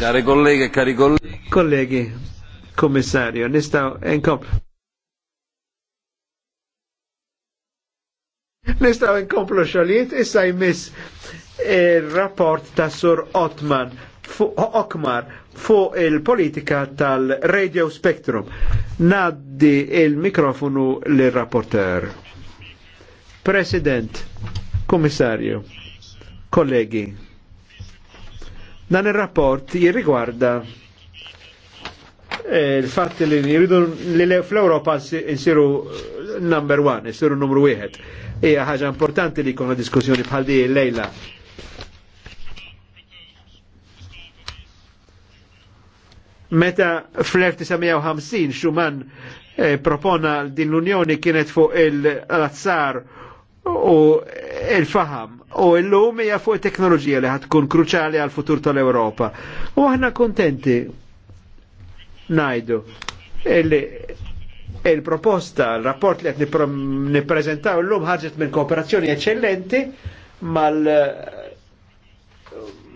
Kari kollega, kari kollega. Kollegi, kommissarju, nistaw enkom. Nistaw inkomplu xoliet, issa jmiss il-rapport ta' Sur Otman fuq Okmar fuq il-politika tal-Radio Spectrum. Naddi il-mikrofonu l-rapporter. President, Komissarju, kollegi, Dan il-rapport jirrigwarda eh, il fat li jiridu li fl-Europa jisiru number one, jisiru numru wieħed. Hija ħaġa importanti li jkun diskussjoni bħal di lejla. Meta fl-1950 Schumann eh, propona din l-Unjoni kienet fuq il-azzar u il-faham u l-lum hija fuq teknoloġija li ħatkun kruċali għal futur tal-Europa. U aħna kontenti najdu il-proposta, il-rapport li għet niprezentaw l-lum ħarġet minn kooperazzjoni eccellenti mal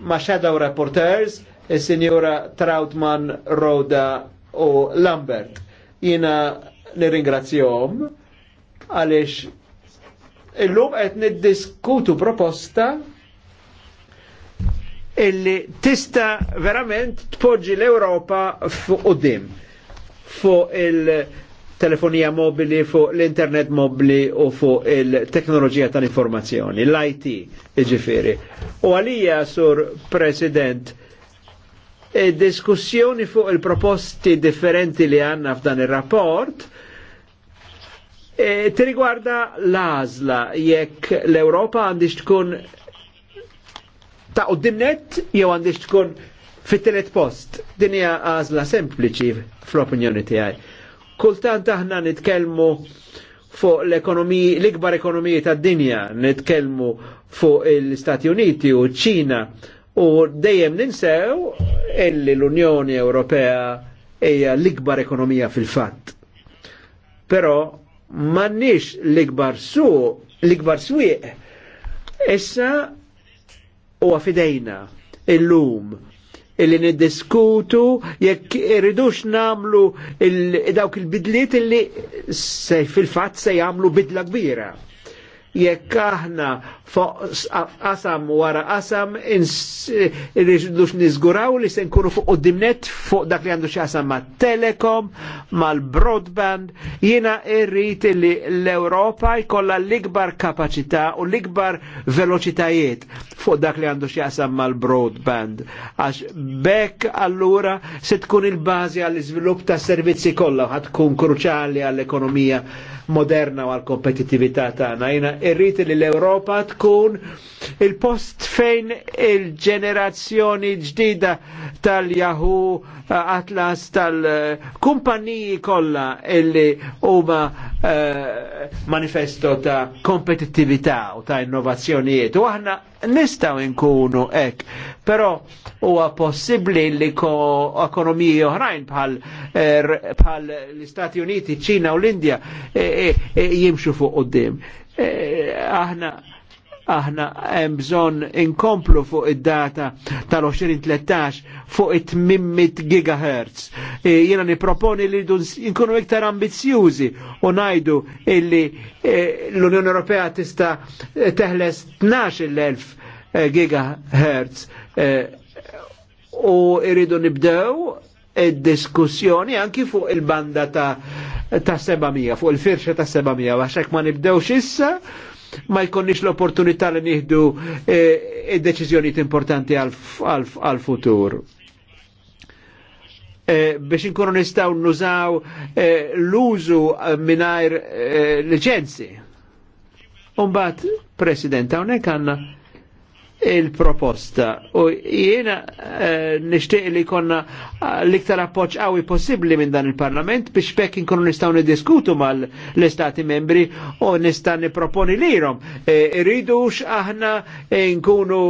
ma' shadow Reporters il signora Trautman, Roda u Lambert. Jina nirringrazzjom għalix Illum qed niddiskutu proposta illi tista verament tpoġġi l-Ewropa fuq qudiem fuq il-telefonija mobili, fuq l-internet mobili u fuq il-teknoloġija tal-informazzjoni, l-IT iġifieri. U għalija, sur President, diskussjoni fuq il-proposti differenti li għanna f'dan il-rapport, E, ti riguarda l-azla jekk l-Europa għandix tkun ta' qoddimnet jew għandix tkun fit-telet post. Din hija għażla sempliċi fl-opinjoni tiegħi. Kultant aħna nitkellmu fuq l-ekonomiji, l-ikbar ekonomiji tad-dinja, nitkellmu fuq l-Istati Uniti u ċina u dejjem ninsew illi l-Unjoni Ewropea hija l-ikbar ekonomija fil-fatt. Però mannix l-ikbar su, l-ikbar swieq. Issa u għafidejna il-lum illi niddiskutu jekk irridux namlu il dawk il-bidliet illi fil-fatt se jagħmlu bidla kbira. Jekk aħna fuq qasam wara qasam irridux niżguraw li se nkunu fuq dimnet fuq dak li għandu x'qasam ma' telekom, mal-broadband, jiena irrid li l-Ewropa jkollha l-ikbar kapaċità u l-ikbar veloċitajiet fuq dak li għandu x'jaqsam mal-broadband. Għax bekk allura se tkun il-bażi għall-iżvilupp ta' servizzi kollha ħad tkun kruċali għall-ekonomija moderna u għall-kompetittività tagħna. Jiena irrid li l-Ewropa tkun il-post fejn il-ġenerazzjoni ġdida tal jahu eh, Atlas tal-kumpaniji kollha illi huma eh, manifesto ta' kompetittività u ta' innovazzjonijiet. U aħna nistaw inkunu ek, pero huwa possibli li ko ekonomiji oħrajn bħal er, l-Istati Uniti, ċina u l-Indja eh, jimxu fuq qudiem. Aħna aħna hemm bżonn inkomplu fuq id-data tal-2013 fuq it 800 GHz. Jiena niproponi li nkunu iktar ambizzjużi u ngħidu illi e, l-Unjoni Ewropea tista' teħles 12.000 e, GHz e, u iridu nibdew id-diskussjoni anki fuq il-banda ta' ta' 700, fuq il-firxa ta' 700, għaxek ma nibdew issa, ma jkonniex l-opportunità li nieħdu eh, eh, deċiżjonijiet importanti għal-futur. E, eh, biex inkunu nistaw nużaw l-użu mingħajr e, licenzi. Umbat, President, hawnhekk għandna il-proposta. U jiena eh, nishtiq li konna eh, l-iktar appoċ għawi possibli minn dan il-Parlament biex pekk inkunu nistaw nidiskutu mal-Istati membri u nistaw niproponi lirom. Eh, Iridux aħna e, nkunu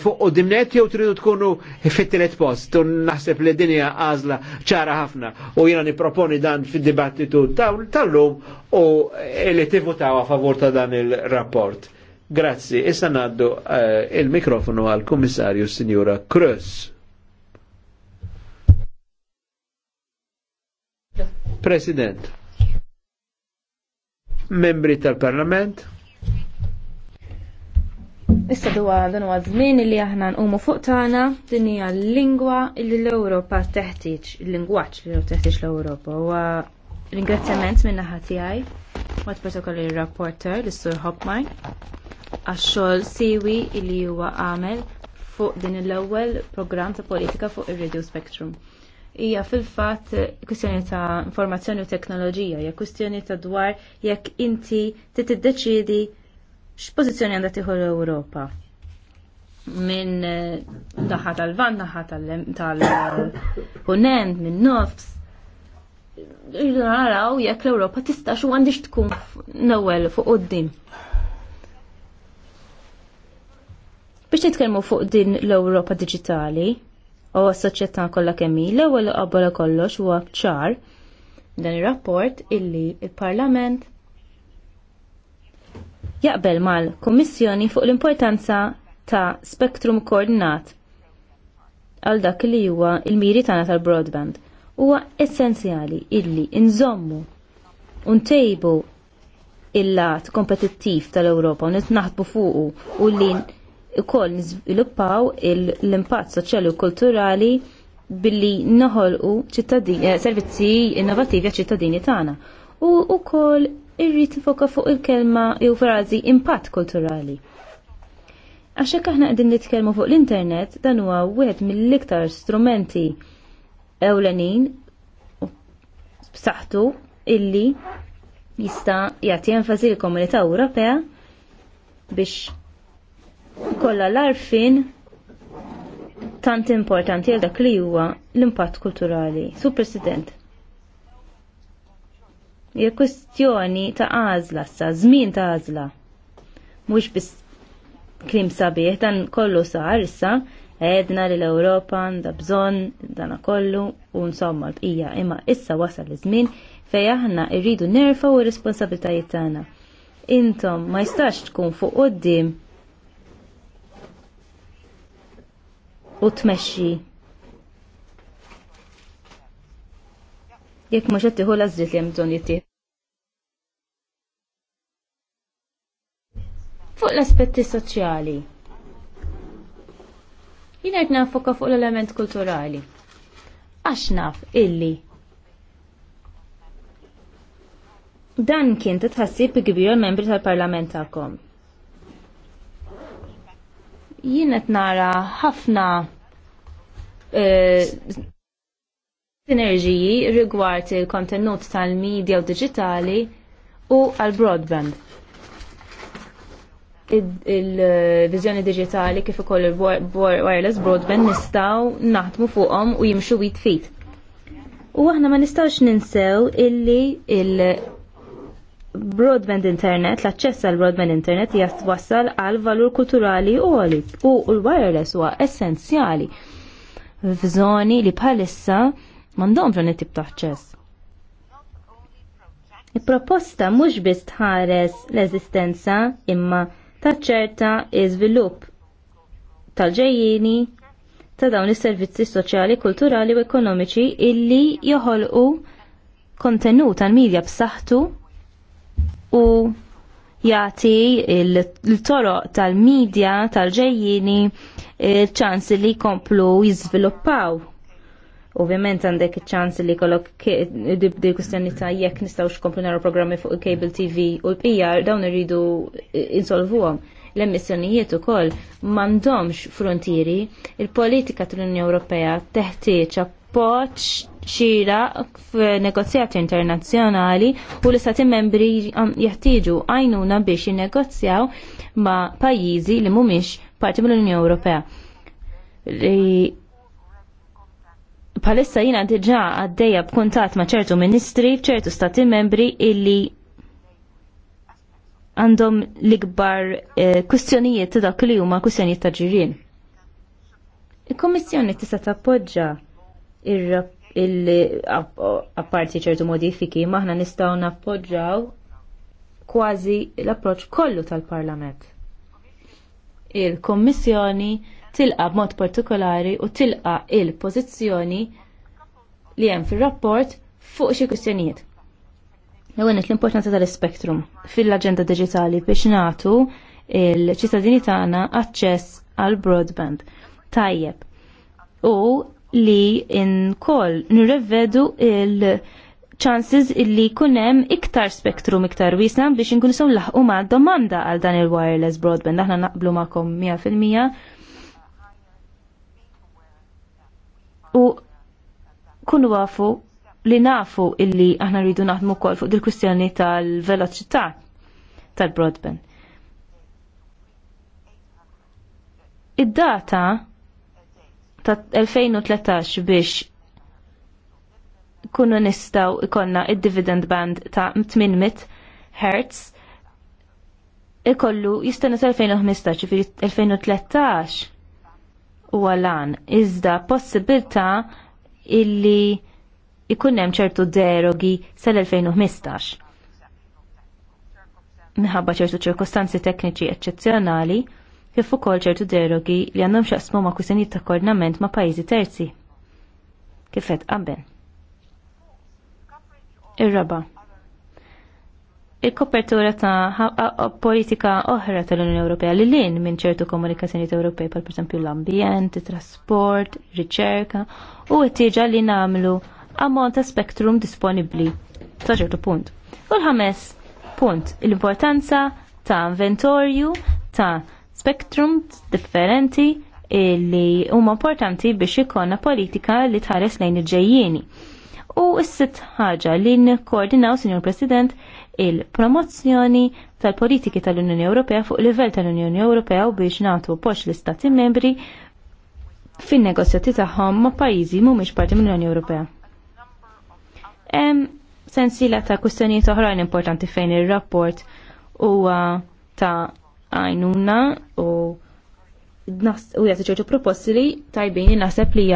fuq u dimnet jew tridu tkunu fit-tielet post. U naħseb li dinja għażla ċara ħafna u jiena niproponi dan fid-dibattitu tal-lum u li tivutaw a favor ta' dan il-rapport. Grazzi, issa naddu uh, eh, il-mikrofonu għal kummissarju Signora Cruz. President, membri tal-Parlament, Issa duwa dan huwa żmien li aħna nqumu fuq tagħna din hija lingwa li l-Ewropa teħtieġ, il-lingwaġġ li teħtieġ l-Ewropa. Huwa ringrazzjament minn naħa tiegħi, mod protokolli rapporter l-Sur Hopmine għax-xogħol siwi li huwa għamel fuq din l-ewwel programm ta' politika fuq ir-radio spectrum. Hija fil-fatt kwistjoni ta' informazzjoni u teknoloġija, hija kwistjoni ta' dwar jekk inti tiddeċiedi x'pożizzjoni għandha tieħu l-Ewropa minn eh, naħa tal-van, naħa tal-punent, minn nofs. naraw jekk l-Ewropa tista' xu għandix tkun l-ewwel fuq quddiem. Biex nitkellmu fuq din l-Ewropa Digitali u s-soċjetà kollha kemm l-ewwel qabel kollox huwa ċar dan ir-rapport illi il-Parlament jaqbel mal-Kummissjoni fuq l-importanza ta' spektrum koordinat għal dak li huwa il-miri tagħna tal-broadband. Huwa essenzjali illi nżommu u ntejbu il-lat kompetittiv tal-Ewropa u nitnaħdbu fuqu u li ukoll niżviluppaw l-impatt soċjali u kulturali billi noħolqu eh, servizzi innovativi għaċ ċittadini tagħna. U ukoll irrid tifoka fuq il-kelma jew frażi impatt kulturali. hekk aħna qegħdin nitkellmu fuq l-internet dan huwa wieħed mill-iktar strumenti ewlenin b'saħħtu illi jista' jagħti enfasi l-komunità Ewropea biex Kolla l-arfin tant importanti għal dak li huwa l-impatt kulturali. Su President. Hija kwestjoni ta' għażla sa żmien ta' għażla. Mhux biss krim sabiħ dan kollu sar issa edna li l-Ewropa da bżonn dana kollu u nsomma l-bqija imma issa wasal iż-żmien fej aħna rridu u r responsabiltajiet tagħna. Intom ma jistax tkun fuq qudiem u tmexxi. Jekk mhux qed tieħu l-għażliet li hemm bżonn jittieħ. Fuq l-aspetti soċjali. Jien qed nafoka fuq l-element kulturali. Għax naf illi dan kien titħassib kbir membri tal-parlament tagħkom jienet nara ħafna e, sinerġiji rigward il-kontenut tal-medja u digitali u għal-broadband. Il-vizjoni digitali kif ukoll il-wireless broadband nistaw naħdmu fuqhom u jimxu wit fit. U aħna ma nistawx ninsew illi il- broadband internet, l-aċċess għal broadband internet jgħat wassal għal valur kulturali u għalik u l-wireless huwa essenzjali f'żoni li bħalissa mandom dan it-tip ta' aċċess. Il-proposta mhux biss tħares l-eżistenza imma taċċerta iżvilupp tal-ġejjini ta' dawn is-servizzi soċjali, kulturali u ekonomiċi illi joħolqu kontenut tal-medja b'saħħtu u jagħti l-toroq tal-medja tal-ġejjini ċans li jkomplu jiżviluppaw. Ovvjament għandek ċans li kollok dibdi kustjoni ta' jekk nistgħu xkomplu naraw programmi fuq il-cable TV u l-PR dawn irridu insolvuhom l-emissjonijiet ukoll m'għandhomx frontieri, il-politika tal-Unjoni Ewropea teħtieġ appoġġ xira f'negozjati internazzjonali u l-istati membri um, jeħtieġu għajnuna biex jinnegozjaw ma' pajjiżi li mhumiex parti mill-Unjoni Ewropea. Palissa jina diġa għaddeja b'kuntat ma' ċertu ministri f'ċertu stati membri illi għandhom l-ikbar eh, kwistjonijiet ta' dak li huma kwistjonijiet ta' ġirien. Il-Kommissjoni tista' tappoġġa ir-rapport illi apparti ċertu modifiki maħna nistaw nappoġġaw kważi l-approċ kollu tal-Parlament. Il-Kommissjoni tilqa b'mod partikolari u tilqa il-pożizzjoni li hemm fir-rapport fuq xi kwistjonijiet. Ewwenet l-importanza tal-spektrum fil-aġenda Digitali biex nagħtu il-ċittadini tagħna aċċess għal broadband. Tajjeb. U li in kol nirrevedu il-chances illi kunem iktar spektrum iktar wisna biex nkun sew laħqu ma' domanda għal dan il-wireless broadband. Aħna naqblu ma'kom 100%. U kunu għafu li nafu illi aħna rridu naħdmu kol fuq dil kustjoni tal-veloċità tal-broadband. Id-data ta' 2013 biex kunu nistaw ikonna id-dividend band ta' 800 Hz ikollu jistana sa' 2015 ġifiri 2013 u għalan iżda possibilta illi ikunnem ċertu derogi sal-2015 minħabba ċertu ċirkostanzi tekniċi eccezzjonali kif ukoll ċertu derogi li għandhom xaqsmu ma' kwistjonijiet ta' koordinament ma' pajjiżi terzi. Kif qed qabel. Ir-raba. Il-kopertura ta' politika oħra tal-Unjoni Ewropea li lin minn ċertu komunikazzjonijiet Ewropej pal pereżempju l-ambjent, trasport, riċerka u t-tieġa li nagħmlu ammont ta' spektrum disponibbli ta' ċertu punt. U l-ħames punt, l-importanza ta' inventorju ta' spektrum differenti li huma importanti biex ikonna politika li tħares lejn il ġejjini U s-sitt ħaġa li n-koordinaw, Sinjor President, il-promozzjoni tal-politiki tal-Unjoni Ewropea fuq livell tal-Unjoni Ewropea u biex nagħtu poċ l-Istati membri fin negozjati tagħhom ma' pajjiżi mhumiex parti mill-Unjoni Ewropea. Hemm sensila ta' kwistjonijiet oħrajn importanti fejn ir-rapport huwa ta' għajnuna u u jgħat ċertu proposti li tajbini naħseb li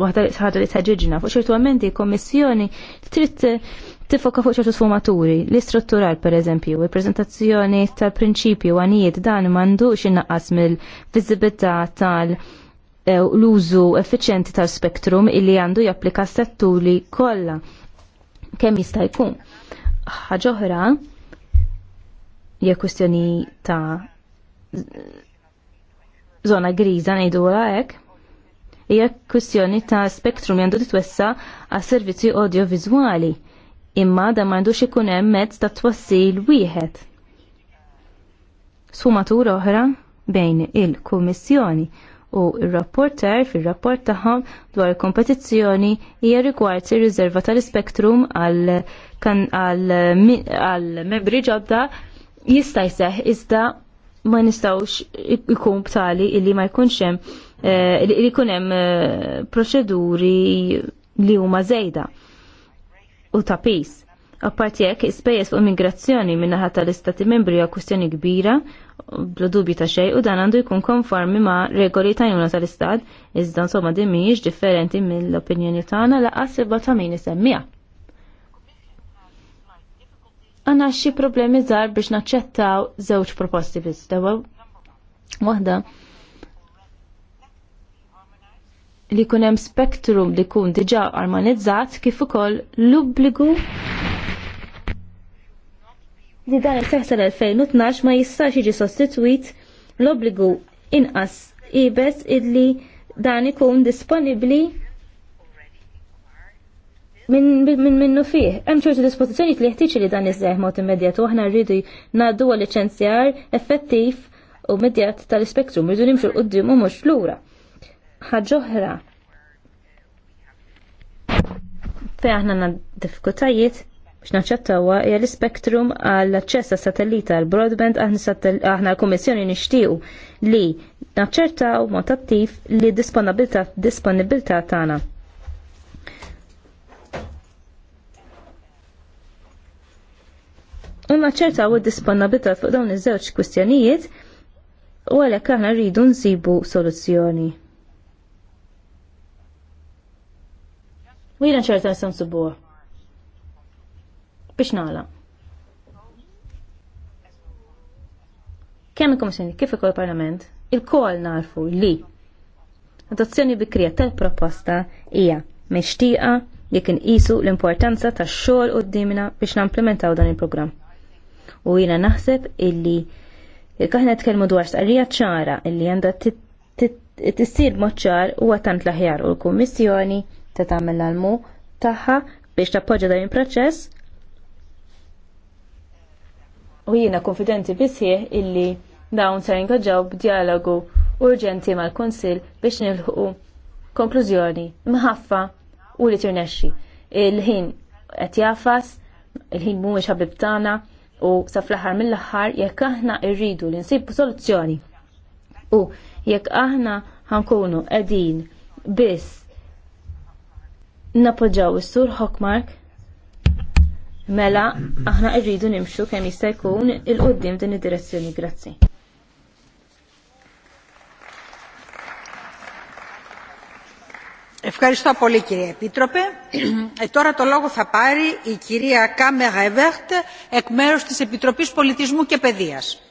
waħda li taġġiġna fuq ċertu għamenti kommissjoni trid tifoka fuq ċertu sfumaturi li struttural per eżempju, il-prezentazzjoni tal-prinċipju għanijiet dan mandu innaqqas mill-vizibilità tal- eh, l-użu effiċenti tal-spektrum illi għandu japplika setturi kollha kemm jista' jkun. Ħaġa oħra hija kwestjoni ta' zona griża ngħidu hekk hija kwistjoni ta' spektrum jandu titwessa għas servizzi audiovizuali imma da m'għandux ikun hemm mezz ta' twassil wieħed. Sfumatura oħra bejn il-Kummissjoni u il-rapporter fil-rapport tagħhom dwar kompetizzjoni hija rigward ir-riserva tal-ispektrum għal membri ġodda jista' jseħħ iżda ma nistawx ikun btali illi ma jkunx hemm eh, li kunem hemm eh, proċeduri li huma żejda u tapis. Apparti hekk ispejjeż fuq immigrazzjoni min-naħa tal-Istati Membri għu kwistjoni kbira bla dubju ta' xej, u dan għandu jkun konformi ma' regoli tajnuna tal-Istat iżda insomma din mhijiex differenti mill-opinjoni tagħna laqas sibba ta' min isemmiha għanna xi problemi żgħar biex naċċettaw żewġ proposti biz. Dawa, waħda li kunem hemm spektrum li kun diġà armonizzat kif ukoll l-obbligu li dan il-seħsa l-2012 ma jistax jiġi sostituit l-obbligu inqas ibes idli dan ikun disponibbli minn min, minnu fih. Hemm ċertu dispożizzjoni li jeħtieġ li dan iżeħ mod immedjat u aħna rridu ngħaddu għal liċenzjar effettiv u immedjat tal-ispektrum, rridu nimxu l-qudiem u mhux lura. Ħaġoħra. Fej aħna għandna diffikultajiet biex naċċettawha hija l-ispektrum għall aċċess satellita għal broadband aħna l-Kummissjoni nixtiequ li naċċertaw mod attiv li disponibilità disponibilità tagħna ċerta għu id-disponabilità fuq dawn iż-żewġ kwistjonijiet u għalhekk aħna rridu nsibu soluzzjoni. U jiena ċerta nistgħu subuħ. Biex nagħlaq. Kemm il-Komissjoni kif ukoll il-Parlament, il-kol narfu li adozzjoni bikrija tal-proposta hija mixtieqa li kien l-importanza tax-xogħol qudiemna biex namplementaw dan il-programm u jina naħseb illi kaħna tkellmu dwar sqarrija ċara illi għandha tissir moċċar u għatant laħjar u l-Kummissjoni ta' tagħmel l-almu tagħha biex tappoġġa dan il-proċess. U jiena konfidenti bisħieħ illi dawn se jingaġġaw b'dialogu urġenti mal-Kunsill biex nilħu konklużjoni mħaffa u li tirnexxi. Il-ħin qed jafas, il-ħin mhuwiex ħabib tagħna, u sa fl-aħħar mill-aħħar jekk aħna rridu li nsibu soluzzjoni u jekk aħna ħankunu qegħdin biss napoġġaw is-sur Hockmark mela aħna rridu nimxu kemm jista' jkun il-qudiem din id-direzzjoni. Grazzi. Ευχαριστώ πολύ κύριε Επίτροπε. ε, τώρα το λόγο θα πάρει η κυρία Κάμερα Εβέρτ εκ μέρους της Επιτροπής Πολιτισμού και Παιδείας.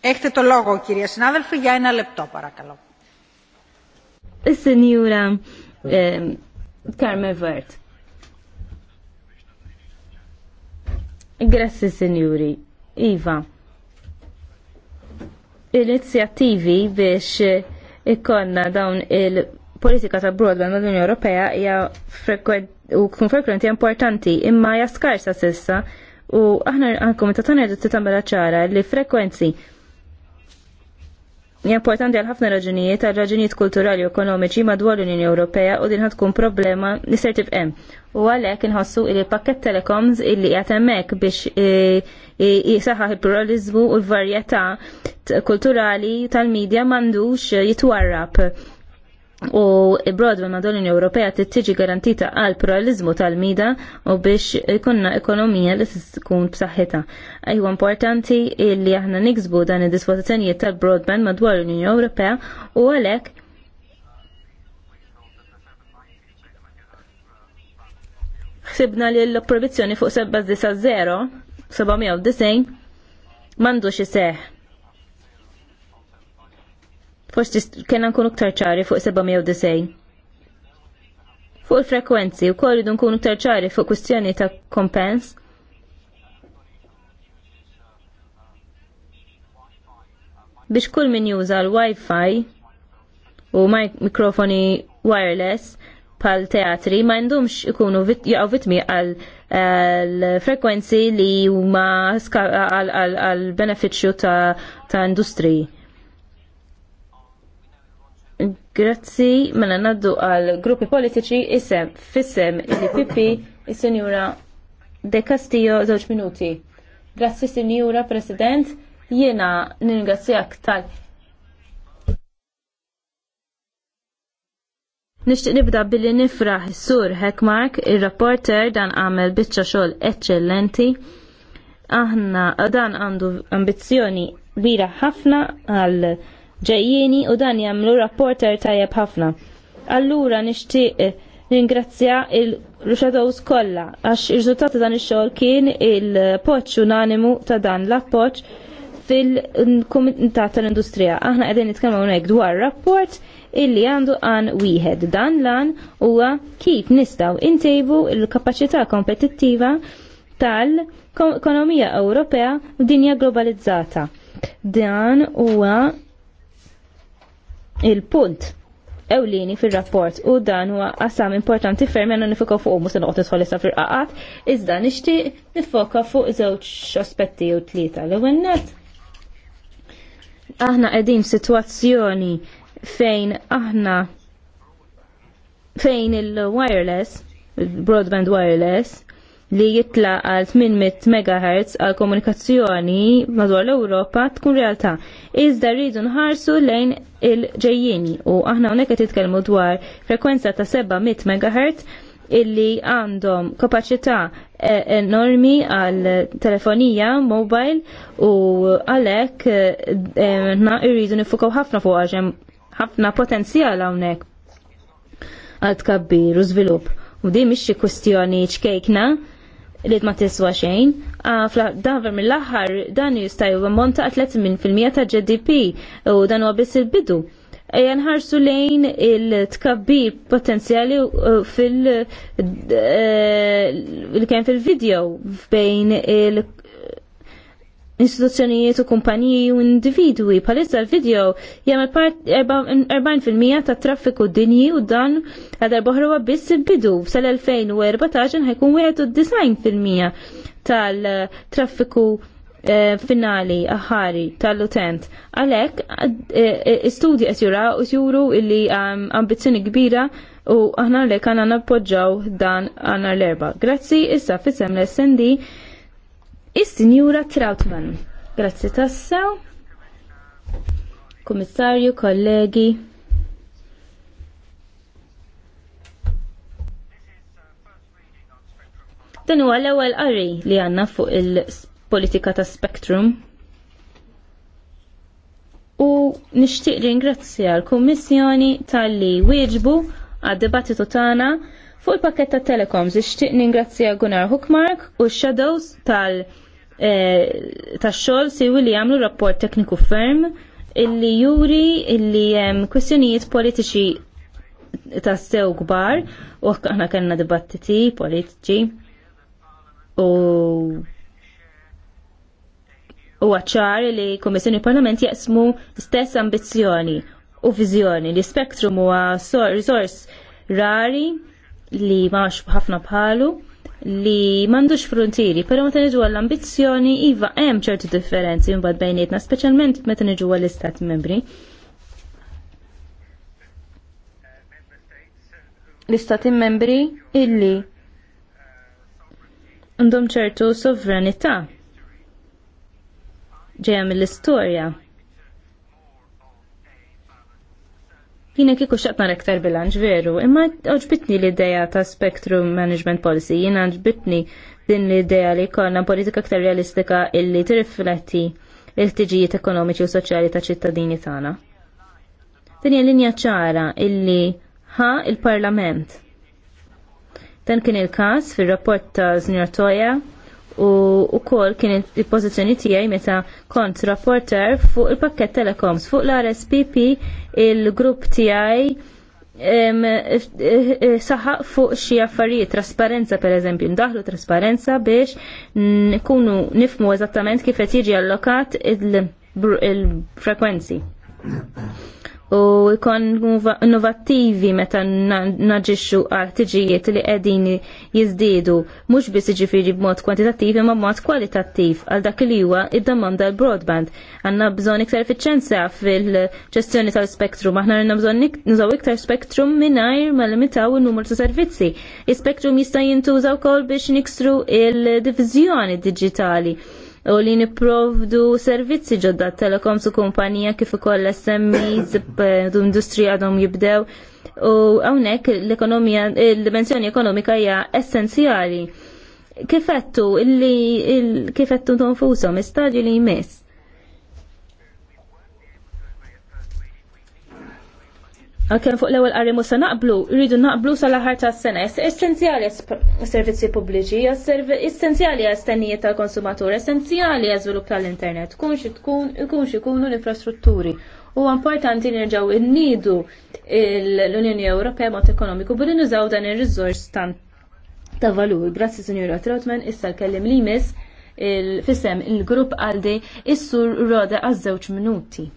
Έχετε το λόγο κυρία συνάδελφε για ένα λεπτό παρακαλώ. Signora eh, Carmen Grazie signori. Iva. Inizjattivi biex ikonna dawn il- politika ta' broadband mal-Unjoni Ewropea hija u kun frekwenti importanti imma hija skarsa sissa u aħna għal ta' għana jdu titamela ċara li frekwenzi hija importanti għal ħafna raġunijiet għal raġunijiet kulturali u ekonomiċi madwar l-Unjoni Ewropea u din tkun problema li ser tifqem. U għalhekk inħossu li pakket telecoms illi qiegħed hemmhekk biex e, e, jisaħħaħ il-pluralizmu u l-varjetà kulturali tal-medja m'għandux jitwarrab u Broadway madwar l-Unjoni Ewropea tiġi garantita għal pluralizmu tal-mida u biex ikunna ekonomija li tkun b'saħħitha. Ejwa importanti li aħna niksbu dan id-dispożizzjonijiet tal-broadband madwar l-Unjoni Ewropea u għalhekk ħsibna li l-proibizzjoni fuq 790 790 m'għandux iseħħ Forsi kena nkunu ktar ċari fuq 790. Fuq il-frekwenzi, u kol idu nkunu ktar ċari fuq kwistjoni ta' kompens. Biex kull min juża l-Wi-Fi u mikrofoni wireless pal teatri ma jindumx ikunu vit, jaqaw vitmi għal frekwenzi li huma għal benefiċċju ta', industriji. Grazzi, mela naddu għal gruppi politiċi isem fissem il-PP il-Senjura De Castillo żewġ minuti. Grazzi Senjura President, jiena ningrazzjak tal Nixtieq nibda billi nifraħ sur Hekmark, ir-rapporter dan għamel biċċa xogħol eċċellenti. Aħna dan għandu ambizzjoni kbira ħafna għal Ġejjini u dan jagħmlu rapporter tajjeb ħafna. Allura nixtieq ningrazzja il-Rushadows kollha għax ir-riżultat dan ix-xogħol kien il-poċċ unanimu ta' dan l-appoġġ fil-Kumitat tal-Industrija. Aħna qegħdin nitkellmu hawnhekk dwar rapport illi għandu għan wieħed. Dan lan huwa kif nistgħu intejbu l kapaċità kompetittiva tal-ekonomija Ewropea u dinja globalizzata. Dan huwa il-punt ewlieni fil-rapport u dan huwa qasam importanti ferm għandna nifoka fuq mhux se noqgħod nidħol issa fil-qaqat, iżda nixtieq nifoka fuq żewġ aspetti u tlieta. L-ewwel aħna qegħdin situazzjoni fejn aħna fejn il-wireless, il-broadband wireless, li jitla għal 800 MHz għal komunikazzjoni madwar l-Ewropa tkun realtà. Iżda rridu nħarsu lejn il-ġejjini u aħna hawnhekk qed titkellmu dwar frekwenza ta' 700 MHz illi għandhom kapacità eh, enormi għal telefonija mobile u għalek eh, na irridu nifukaw ħafna fuq għaxem ħafna potenzjal hawnhekk għal tkabbir u żvilupp. U di mhix kwestjoni ċkejkna, li ma tiswa xejn, dan mill-aħħar dan jista' jmonta 30% ta' GDP u dan huwa biss il-bidu. ħarsu lejn il-tkabbir potenzjali fil- kien fil-video bejn il- istituzzjonijiet u kumpaniji u individwi. palizza l-video jagħmel part 40% ta' traffiku dinji u dan għadar boħruwa biss il-bidu. Sal-2014 ħajkun 91% tal-traffiku eh, finali aħari tal-utent. Għalek, eh, eh, istudji qed jura u juru illi ehm, ambizzjoni kbira u aħna lek għanna nappoġġaw dan għanna l-erba. Grazzi, issa fissem l-SND Is-Sinjura Trautman. Grazzi tassaw. Kummissarju, kollegi. Dan huwa l-ewwel qari li għandna fuq il-politika ta' Spectrum. U nixtieq ringrazzja l-Kummissjoni tal-li wieġbu għad-dibattitu tagħna Fuq il-pakket ta' telekoms, ixtieq ningrazzja Gunnar Hookmark u shadows tal- eh, ta' xogħol si li jagħmlu rapport tekniku ferm illi juri illi kwistjonijiet politiċi ta' sew kbar u aħna kellna dibattiti politiċi u u għacċar li Komissjoni Parlament jaqsmu stess ambizzjoni u viżjoni li spektrum huwa risorse rari li maħx ħafna bħalu li mandux frontieri, pero meta niġu għall-ambizzjoni iva hemm ċertu differenzi mbagħad bejnietna, speċjalment meta niġu għall-istat membri. L-istati membri illi għandhom ċertu sovranità ġejja mill-istorja. Jina kiku xaqna rektar bilanċ veru, imma oġbitni l-ideja ta' Spectrum Management Policy, jina oġbitni din l-ideja li konna politika ktar realistika illi tirrifletti l-ħtiġijiet ekonomiċi u soċjali ta' ċittadini tagħna. Din hija linja ċara illi ħa il-Parlament. Dan kien il-każ fir-rapport ta' Znjor Toja u kol kienet il-pożizzjoni tiegħi meta kont rapporter fuq il-pakket telekoms. fuq l-RSPP il-grupp tiegħi saħaq fuq xi affarijiet trasparenza pereżempju ndaħlu trasparenza biex nkunu nifmu eżattament kif qed jiġi allokat il-frekwenzi u jkun innovattivi meta naġixxu għal tiġijiet li qegħdin jiżdiedu mhux biss jiġifieri b'mod kwantitattiv imma b'mod kwalitattiv għal dak li huwa id-domanda l broadband Għandna bżonn iktar effiċenza fil-ġestjoni tal-spektrum, aħna għandna bżonn nżaw iktar spektrum mingħajr ma limitaw in-numru ta' servizzi. Is-spektrum jista' jintuża wkoll biex niksru il-diviżjoni diġitali u li niprovdu servizzi ġodda telekom su kumpanija kif ukoll SMEs u industrija għadhom jibdew u hawnhekk l-ekonomija l dimensjoni ekonomika hija essenzjali. Kifettu illi kifettu tonfusom, istadju li jmiss. Għakken fuq l-ewel għarrimu sa naqblu, rridu naqblu sal laħar ta' s-sena. Essenzjali servizzi pubbliċi, essenzjali għastennijiet tal-konsumatur, essenzjali għazvilup tal-internet, xi tkun, kunx ikunu l-infrastrutturi. U importanti nirġaw innidu l-Unjoni Ewropea mod ekonomiku, bħu nużaw dan il-rizzors ta' valur. Grazzi, Signora Trotman, issa l-kellim li jmiss il-fisem il-grupp għaldi, issur roda għaż-żewġ minuti.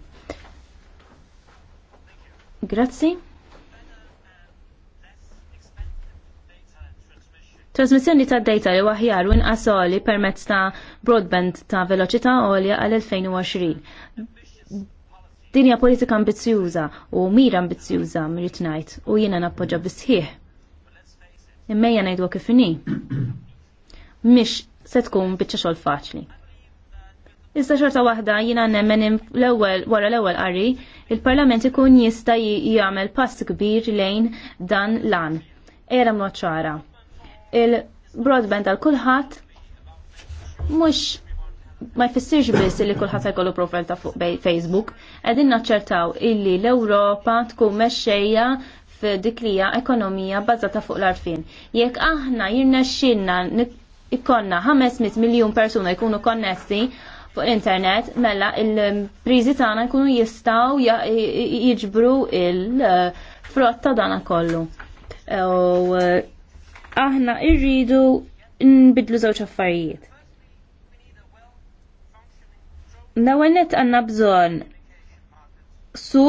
Grazzi. Trasmissjoni ta' data li waħjar u inqas permezz ta' broadband ta' veloċità għolja għal 2020. Dinja politika ambizjuża u mira ambizjuża mirit ngħid u jiena nappoġġa bisħieħ. Immejja ngħidwa kif inhi. Mhix se tkun biċċa xogħol faċli. Issa xorta waħda jina nemmen l-ewwel wara l-ewwel qari, il-Parlament ikun jista' jagħmel pass kbir lejn dan lan. Era mod Il-broadband għal kulħadd mhux ma jfissirx biss li kulħadd jkollu profil ta' fuq Facebook, qegħdin naċċertaw illi l-Ewropa tkun meċċeja f'dik li ekonomija bazzata fuq l-arfin. Jekk aħna xinna ikonna 500 miljun persuna jkunu konnessi, fuq l-internet mela il-prizi tagħna jkunu jistgħu jiġbru il-frott ta' dana kollu. U aħna irridu nbidlu żewġ affarijiet. L-ewwel nett għandna bżonn su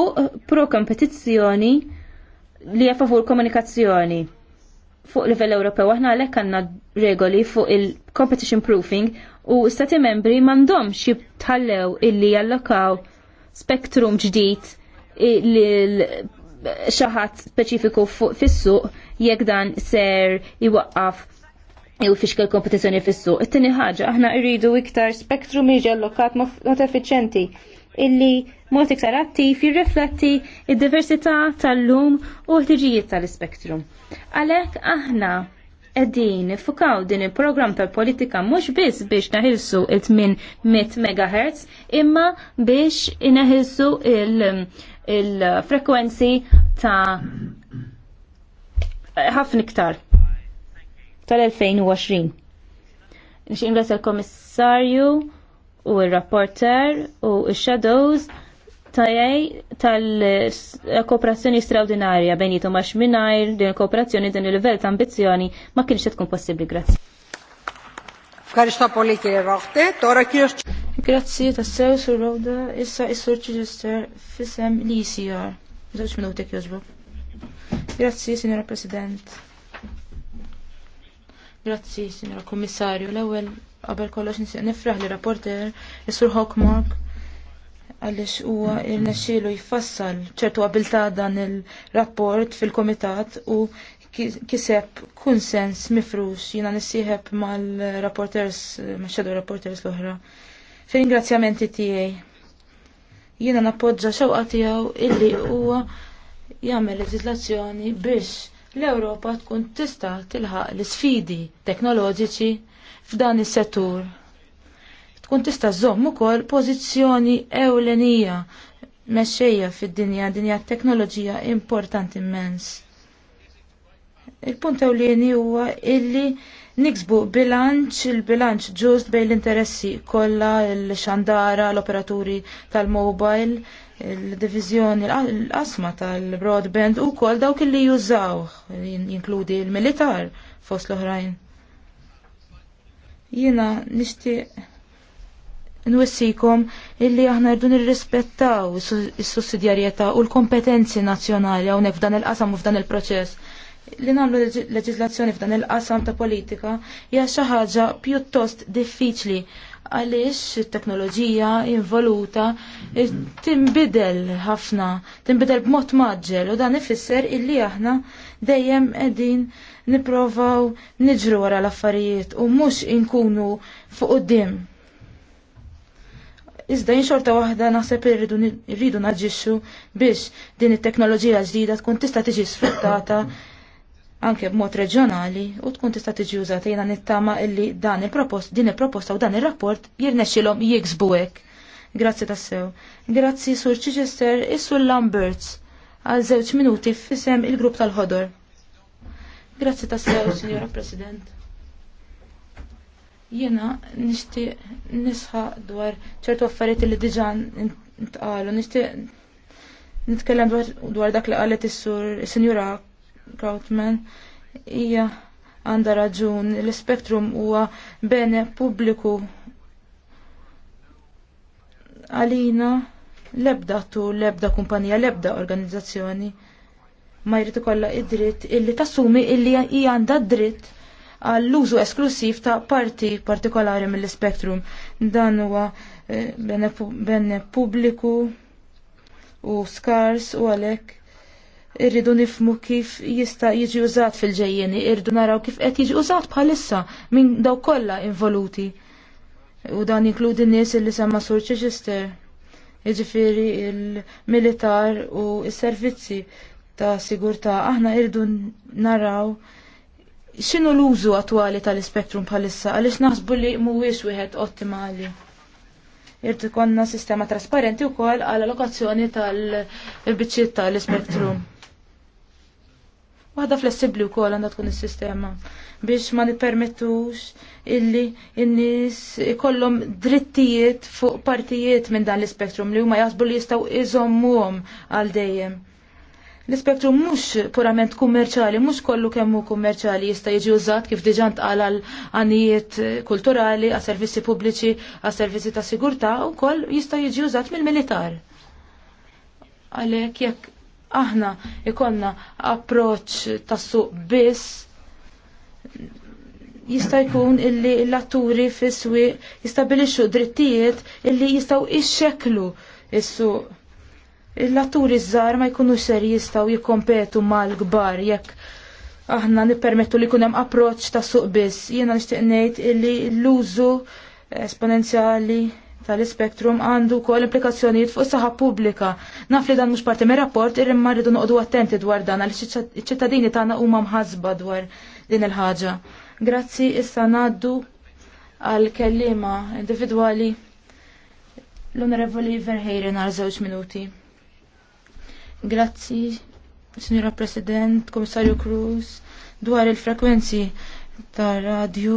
pro kompetizzjoni li jaffavur l komunikazzjoni fuq livell Ewropew aħna għalhekk għandna regoli fuq il-competition proofing u stati membri m'għandhomx jitħallew illi jallokaw spektrum ġdid lil xaħat speċifiku fuq fis-suq jekk dan ser iwaqqaf jew fixkel kompetizzjoni fis-suq. It-tieni ħaġa aħna rridu iktar spektrum jiġi allokat mod efficienti illi mod iktar attiv jirrifletti id-diversità tal-lum u ħtiġijiet tal-ispektrum. Għalhekk aħna qegħdin fukaw din il-programm tal-politika mhux biss biex naħilsu il-800 MHz imma biex naħilsu il-frekwenzi ta' ħafna iktar tal-2020. Nix ingles il-komissarju u il-rapporter u il-shadows tajaj tal-kooperazzjoni straordinarja bejnietu max minajr din il-kooperazzjoni din il-level ta' ambizjoni ma kienx tkun possibli, grazzi. Fkarista poli roħte, tora kirx. Grazzi, tassew sur roda, issa issur ċiġister fissem li jisijar. Zawċ minutek joġbu. Grazzi, Signora President. Grazzi, Signora Kommissarju. L-ewel Qabel kollox nifraħ li rapporter Isur Hawkmark għalix huwa il-nexxielu jfassal ċertu qabilta dan il-rapport fil-komitat u kiseb kunsens mifrux jina nissieħeb mal-rapporters, mal-shadow rapporters l-oħra. Fil-ingrazzjamenti tijaj. Jina nappoġġa xewqa tijaw illi huwa jagħmel leġiżlazzjoni biex l-Ewropa tkun tista' tilħaq l-sfidi teknoloġiċi f'dan is-settur. Tkun tista' żomm ukoll pożizzjoni ewlenija mexxejja fid-dinja, dinja teknoloġija importanti immens. Il-punt ewlieni huwa illi niksbu bilanċ, il-bilanċ ġust bejn l-interessi kollha, il-xandara, l-operaturi tal-mobile, il-divizjoni, l-qasma tal-broadband u kol dawk li jużaw, jinkludi il-militar fost l-oħrajn. Jiena nixtieq nwissikom illi aħna rridu nirrispettaw is-sussidjarjetà u l-kompetenzi nazzjonali hawnhekk f'dan il-qasam u f'dan il-proċess. Li nagħmlu leġislazzjoni f'dan il-qasam ta' politika hija xi ħaġa pjuttost diffiċli għaliex it-teknoloġija involuta timbidel ħafna, timbidel b'mod maġġel u dan ifisser illi aħna dejjem qegħdin niprovaw niġru wara l-affarijiet u mhux inkunu fuq id-dim. Iżda xorta waħda naħseb irridu naġixxu biex din it-teknoloġija ġdida tkun tista' tiġi sfruttata anke b'mod reġjonali u tkun tista' tiġi użata jiena nittama illi dan il-propost din il-proposta u dan ir-rapport jirnexxilhom jiksbu hekk. Grazzi tassew. Grazzi Sur Chichester is Sur Lamberts għal żewġ minuti f'isem il-grupp tal-ħodor. Grazzi ta' sew, Signora President. Jena nishti nisħa dwar ċertu affarijiet li diġan tqalu. nishti nitkellem dwar dak li qalet is-sur Signora Krautman. hija għanda raġun, l-spektrum huwa bene pubbliku għalina lebda tu, lebda kumpanija, lebda organizzazzjoni ma jrid ikollha id-dritt illi tassumi illi hija għandha dritt għall-użu esklusiv ta' parti partikolari mill-spektrum. Dan huwa eh, bene pubbliku u skars u għalhekk irridu nifmu kif jista' jiġi użat fil-ġejjeni, irridu naraw kif qed jiġi użat bħalissa minn daw kollha involuti. U dan jinkludi nies illi sema Sur ċeċister, jiġifieri il-militar u s-servizzi ta' sigurtà aħna irdu naraw x'inhu l-użu attwali tal-ispektrum bħalissa għaliex naħsbu li mhuwiex wieħed ottimali. Irdu konna sistema trasparenti wkoll għal allokazzjoni tal-biċċiet tal-ispektrum. Waħda flessibbli wkoll għandha tkun is-sistema biex ma nippermettux illi n-nies ikollhom drittijiet fuq partijiet minn dan l-ispektrum li huma jaħsbu li jistgħu iżommuhom għal dejjem L-spektru mhux purament kummerċali, mhux kollu kemm hu kummerċali jista' jiġi użat kif diġà ntqal għal għanijiet kulturali, għas servizzi pubbliċi, għas servizzi ta' sigurtà wkoll jista' jiġi użat mill-militar. Għalhekk jekk aħna ikonna approċċ tas-suq biss jista' jkun illi l-atturi fis-swieq jistabilixxu drittijiet illi jistgħu ixxeklu is-suq l-atturi żgħar ma jkunux ser jistgħu jikkompetu mal-kbar jekk aħna nippermettu li kunem approċ ta' suq biss. Jiena nixtieq ngħid li l-użu esponenzjali tal-spektrum għandu kol implikazzjonijiet fuq saħa pubblika. Naf li dan mhux parti mir rapport irrimma rridu noqogħdu attenti dwar dan għal iċ-ċittadini tagħna huma mħasba dwar din il-ħaġa. Grazzi issa ngħaddu għal kellima individwali l-Onorevoli Verheiren għal żewġ minuti. Grazzi, Signora President, Komissarju Cruz, dwar il-frekwenzi ta' radju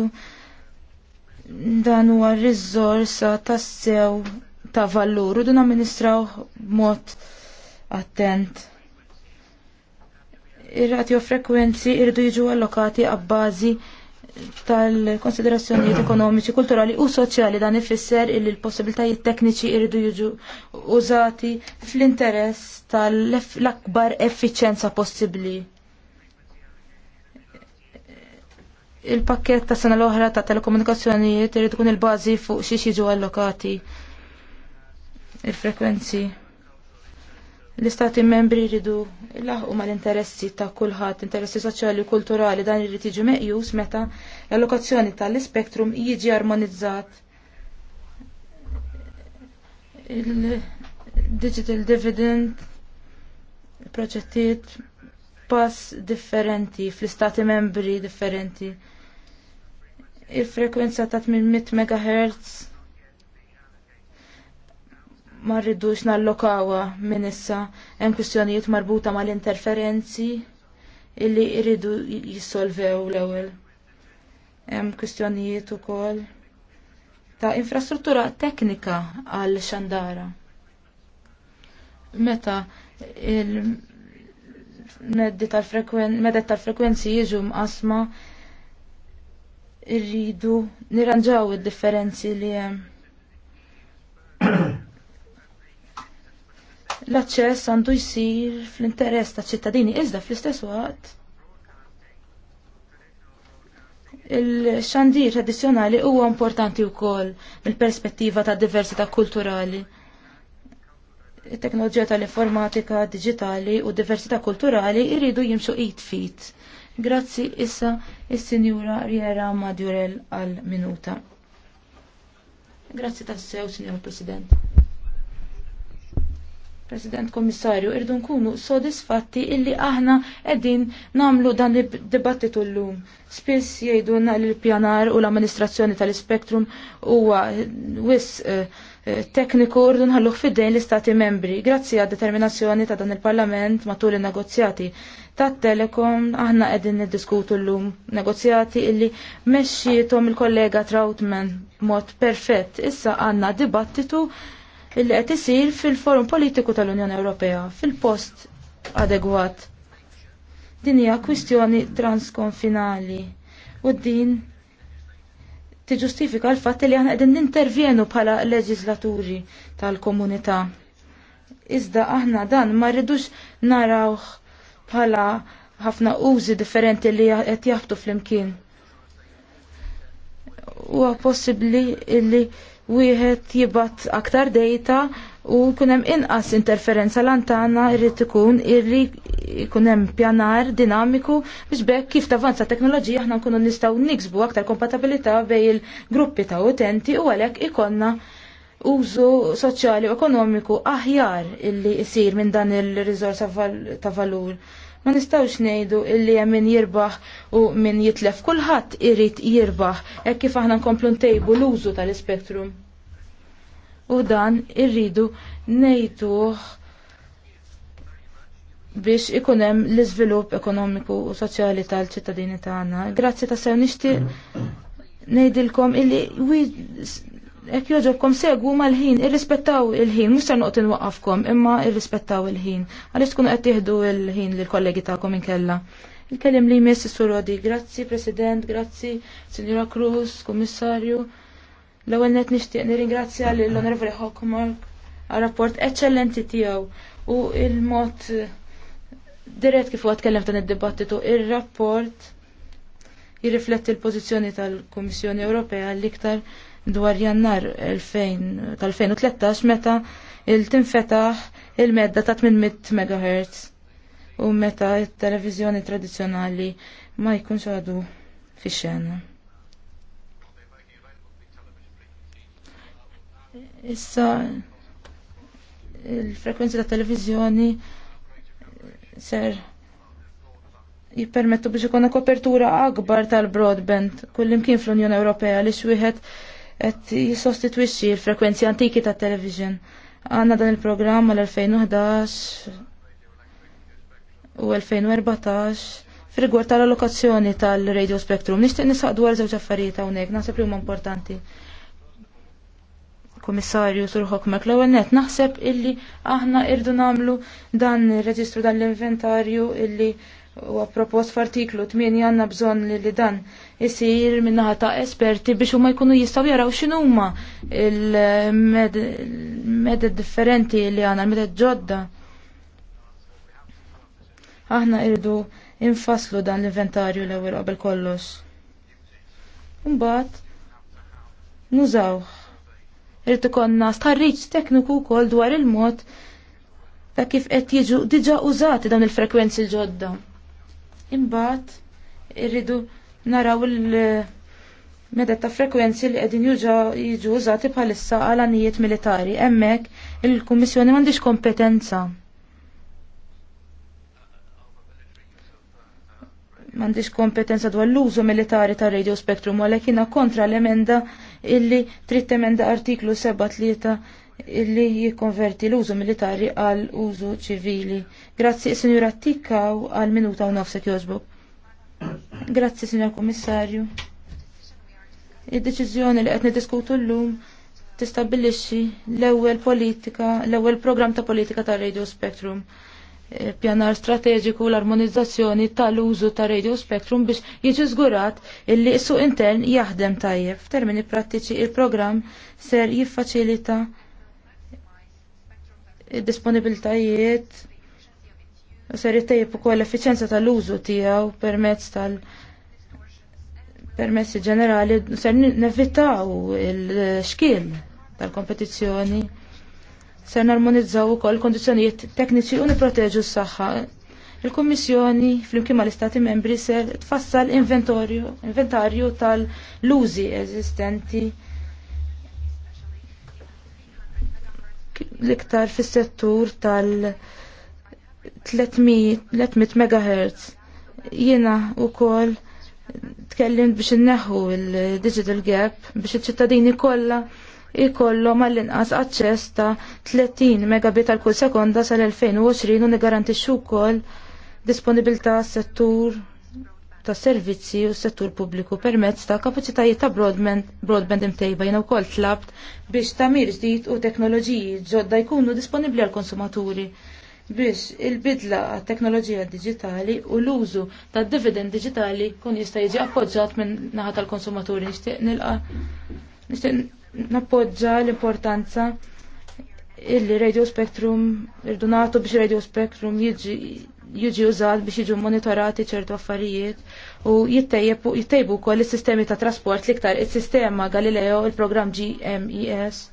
dan huwa r-riżorsa tassew ta' valur. u dun amministraw b'mod attent. Ir-radio frekwenzi irdu jiġu allokati għabbażi tal-konsiderazzjonijiet ekonomiċi, kulturali u soċjali dan ifisser illi l-possibilitajiet tekniċi jridu jiġu użati fl-interess tal-akbar effiċenza possibbli. Il-pakket ta' sena l-oħra ta' telekomunikazzjonijiet irid ikun il-bażi fuq xi jiġu allokati il-frekwenzi. L-istati membri jridu laħqu mal-interessi ta' kulħadd, interessi soċjali u kulturali dan irid jiġi meqjus meta l-allokazzjoni tal-ispektrum jiġi armonizzat. Il-digital dividend, proġettiet pass differenti fl-istati membri differenti. Il-frekwenza ta' 800 MHz ma rridux nallokawa minn issa hemm kwistjonijiet marbuta mal-interferenzi illi rridu jissolvew l-ewwel. Hemm kwistjonijiet ukoll ta' infrastruttura teknika għal xandara. Meta il-medda tal-frekwenzi jiġu mqasma irridu nirranġaw id-differenzi li hemm l-aċċess għandu jsir fl-interess ta' ċittadini iżda fl-istess waqt il-xandir tradizjonali huwa importanti wkoll mill-perspettiva ta' diversità kulturali. Il-teknoloġija tal-informatika digitali u diversità kulturali jridu jimxu it fit. Grazzi issa is-Sinjura Riera Madurel għal minuta. Grazzi tassew, Sinjur President. President Komissarju, irdu nkunu sodisfatti illi aħna edin namlu dan il-dibattitu l-lum. Spiss jgħiduna li l-pjanar u l-amministrazzjoni tal-spektrum huwa wis eh, eh, tekniku urdu nħalluh fidejn l-istati membri. Grazzi għad determinazzjoni ta' dan il-parlament matul il-negozjati ta' telekom aħna edin niddiskutu l-lum negozjati illi mexxietom il-kollega Trautman mod perfett. Issa għanna dibattitu illi qed isir fil-forum politiku tal-Unjoni Ewropea fil-post adegwat. Din hija kwistjoni transkonfinali u din tiġustifika l-fatt li aħna qegħdin nintervjenu bħala leġislaturi tal-komunità. Iżda aħna dan ma rridux narawh bħala ħafna użi differenti li qed jaħdu fl-imkien. Huwa possibbli illi wieħed jibat aktar data u kunem inqas interferenza lantana irrid ikun irri kunem pjanar dinamiku biex bekk kif tavanza teknoloġija aħna nkunu nistgħu niksbu aktar kompatibilità bej il-gruppi ta' utenti u għalhekk ikonna użu soċjali u ekonomiku aħjar illi jsir minn dan il riżorsa ta' valur. Ma nistawx nejdu illi hemm min jirbaħ u min jitlef. Kulħadd irid jirbaħ hekk kif aħna nkomplu ntejbu l-użu tal-ispektrum. U dan irridu nejduh biex ikun hemm l-iżvilupp ekonomiku u soċjali tal-ċittadini tagħna. Grazzi ta' sew nixtieq mm-hmm. ngħidilkom illi Ek joġobkom segwu mal-ħin, irrispettaw il-ħin, mux ser noqt nwaqafkom, imma irrispettaw il-ħin. Għalix tkunu qed tieħdu il-ħin lil kollegi tagħkom inkella. Il-kellim li jmiss Rodi. grazzi President, grazzi Signora Cruz, Kummissarju. L-ewwel net nixtieq nirringrazzja lill-Onorevoli Hockmark għal-rapport eċċellenti tiegħu u il-mod dirett kif huwa tkellem dan id-dibattitu, ir-rapport jirrifletti l-pożizzjoni tal-Kummissjoni Ewropea l-iktar dwar jannar tal-2013 meta il-tinfetaħ il-medda ta' 800 MHz u meta il-televizjoni tradizjonali ma jkunx għadu fi xena. Issa il-frekwenzi ta' televizjoni ser jippermettu biex ikun kopertura akbar tal-broadband kullimkien fl-Unjoni Ewropea li xwieħed et jissostitwixxi l-frekwenzi antiki tat television Għandna dan il-programm l-2011 u 2014 fil-gwar tal-allokazzjoni tal-Radio Spectrum. Nixtieq nisaq dwar żewġ affarijiet hawnhekk, naħseb li huma importanti. Komissarju Surħok l net naħseb illi aħna irdu namlu dan ir-reġistru dan l-inventarju illi u propost f'artiklu 8 għandna bżonn li dan isir minnaħa ta' esperti biex huma jkunu jistgħu jaraw x'inhuma il-meda differenti li għana, l-meda ġodda. Aħna irdu infaslu dan l-inventarju l-ewwel qabel kollox. Imbagħad nużaw. Irrid ikonna starriċ tekniku wkoll dwar il-mod ta' kif qed jiġu diġà użati dawn il-frekwenzi ġodda. Imbagħad irridu naraw il-medet ta' frekwenzi li qegħdin jiġu użati bħalissa għal anijiet militari. Hemmhekk il-Kummissjoni m'għandix kompetenza. mandiġ kompetenza dwar l-użu militari ta' Radio Spectrum, għalek jina kontra l-emenda illi tritt emenda artiklu 7-3 illi jikonverti l-użu militari għal użu ċivili. Grazzi, s-senjura Tikkaw, għal minuta u nafsek jożbuk. Grazzi, Signor Kommissarju. Id-deċiżjoni li qed niddiskutu llum tistabilixi l-ewwel politika, l-ewwel program ta' politika ta' Radio Spectrum. Eh, pjanar strateġiku l-armonizzazzjoni tal-użu ta' Radio Spectrum biex jiġi żgurat illi s intern jaħdem tajjeb. F'termini prattiċi il-programm ser jiffaċilita id-disponibiltajiet ser jittajib ukoll l efficienza tal-użu tiegħu permezz tal- permessi ġenerali ser nevitaw il-xkil tal-kompetizzjoni ser narmonizzaw ukoll kondizzjonijiet tekniċi u niproteġu s-saħħa. Il-Kummissjoni flimkien mal-Istati membri ser tfassal inventarju tal-lużi eżistenti l-iktar fis-settur tal-, -tal 300 MHz. Jiena wkoll tkellimt biex inneħħu il-digital gap biex iċ-ċittadini kollha ikollhom għall-inqas aċċess ta' 30 megabit għal kull sekonda sal-2020 u nigarantixxu wkoll disponibilità settur ta' servizzi u settur pubbliku permezz ta' kapaċitajiet ta' broadband, broadband imtejba jiena wkoll tlabt biex tamir ġdid u teknoloġiji ġodda jkunu disponibbli għall konsumaturi biex il-bidla għat teknoloġija digitali u l-użu tad dividend digitali kun jista' jiġi appoġġjat minn naħa tal-konsumaturi nixtieq nilqa nixtieq nappoġġa l-importanza illi Radio Spectrum irdu nagħtu biex Radio Spectrum jiġi jiġi użat biex jiġu monitorati ċertu affarijiet u jittejbu wkoll is-sistemi ta' trasport l-iktar is-sistema Galileo, il-programm GMES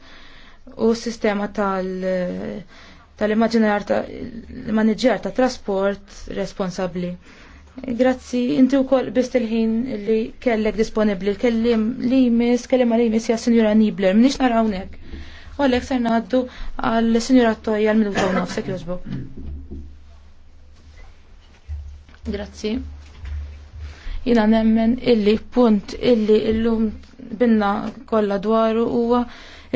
u s-sistema tal- uh, tal-immaġinar tal manager ta' trasport responsabli. Grazzi, inti u koll bist il-ħin li kellek disponibli, kellim li jmiss, kellim għal jmiss ja' Sinjura Nibler, minix narawnek. U għalek ser naddu għal Sinjura Toja għal-minuta u nafsek jozbu. Grazzi. Jina nemmen illi punt illi illum binna kollha dwaru huwa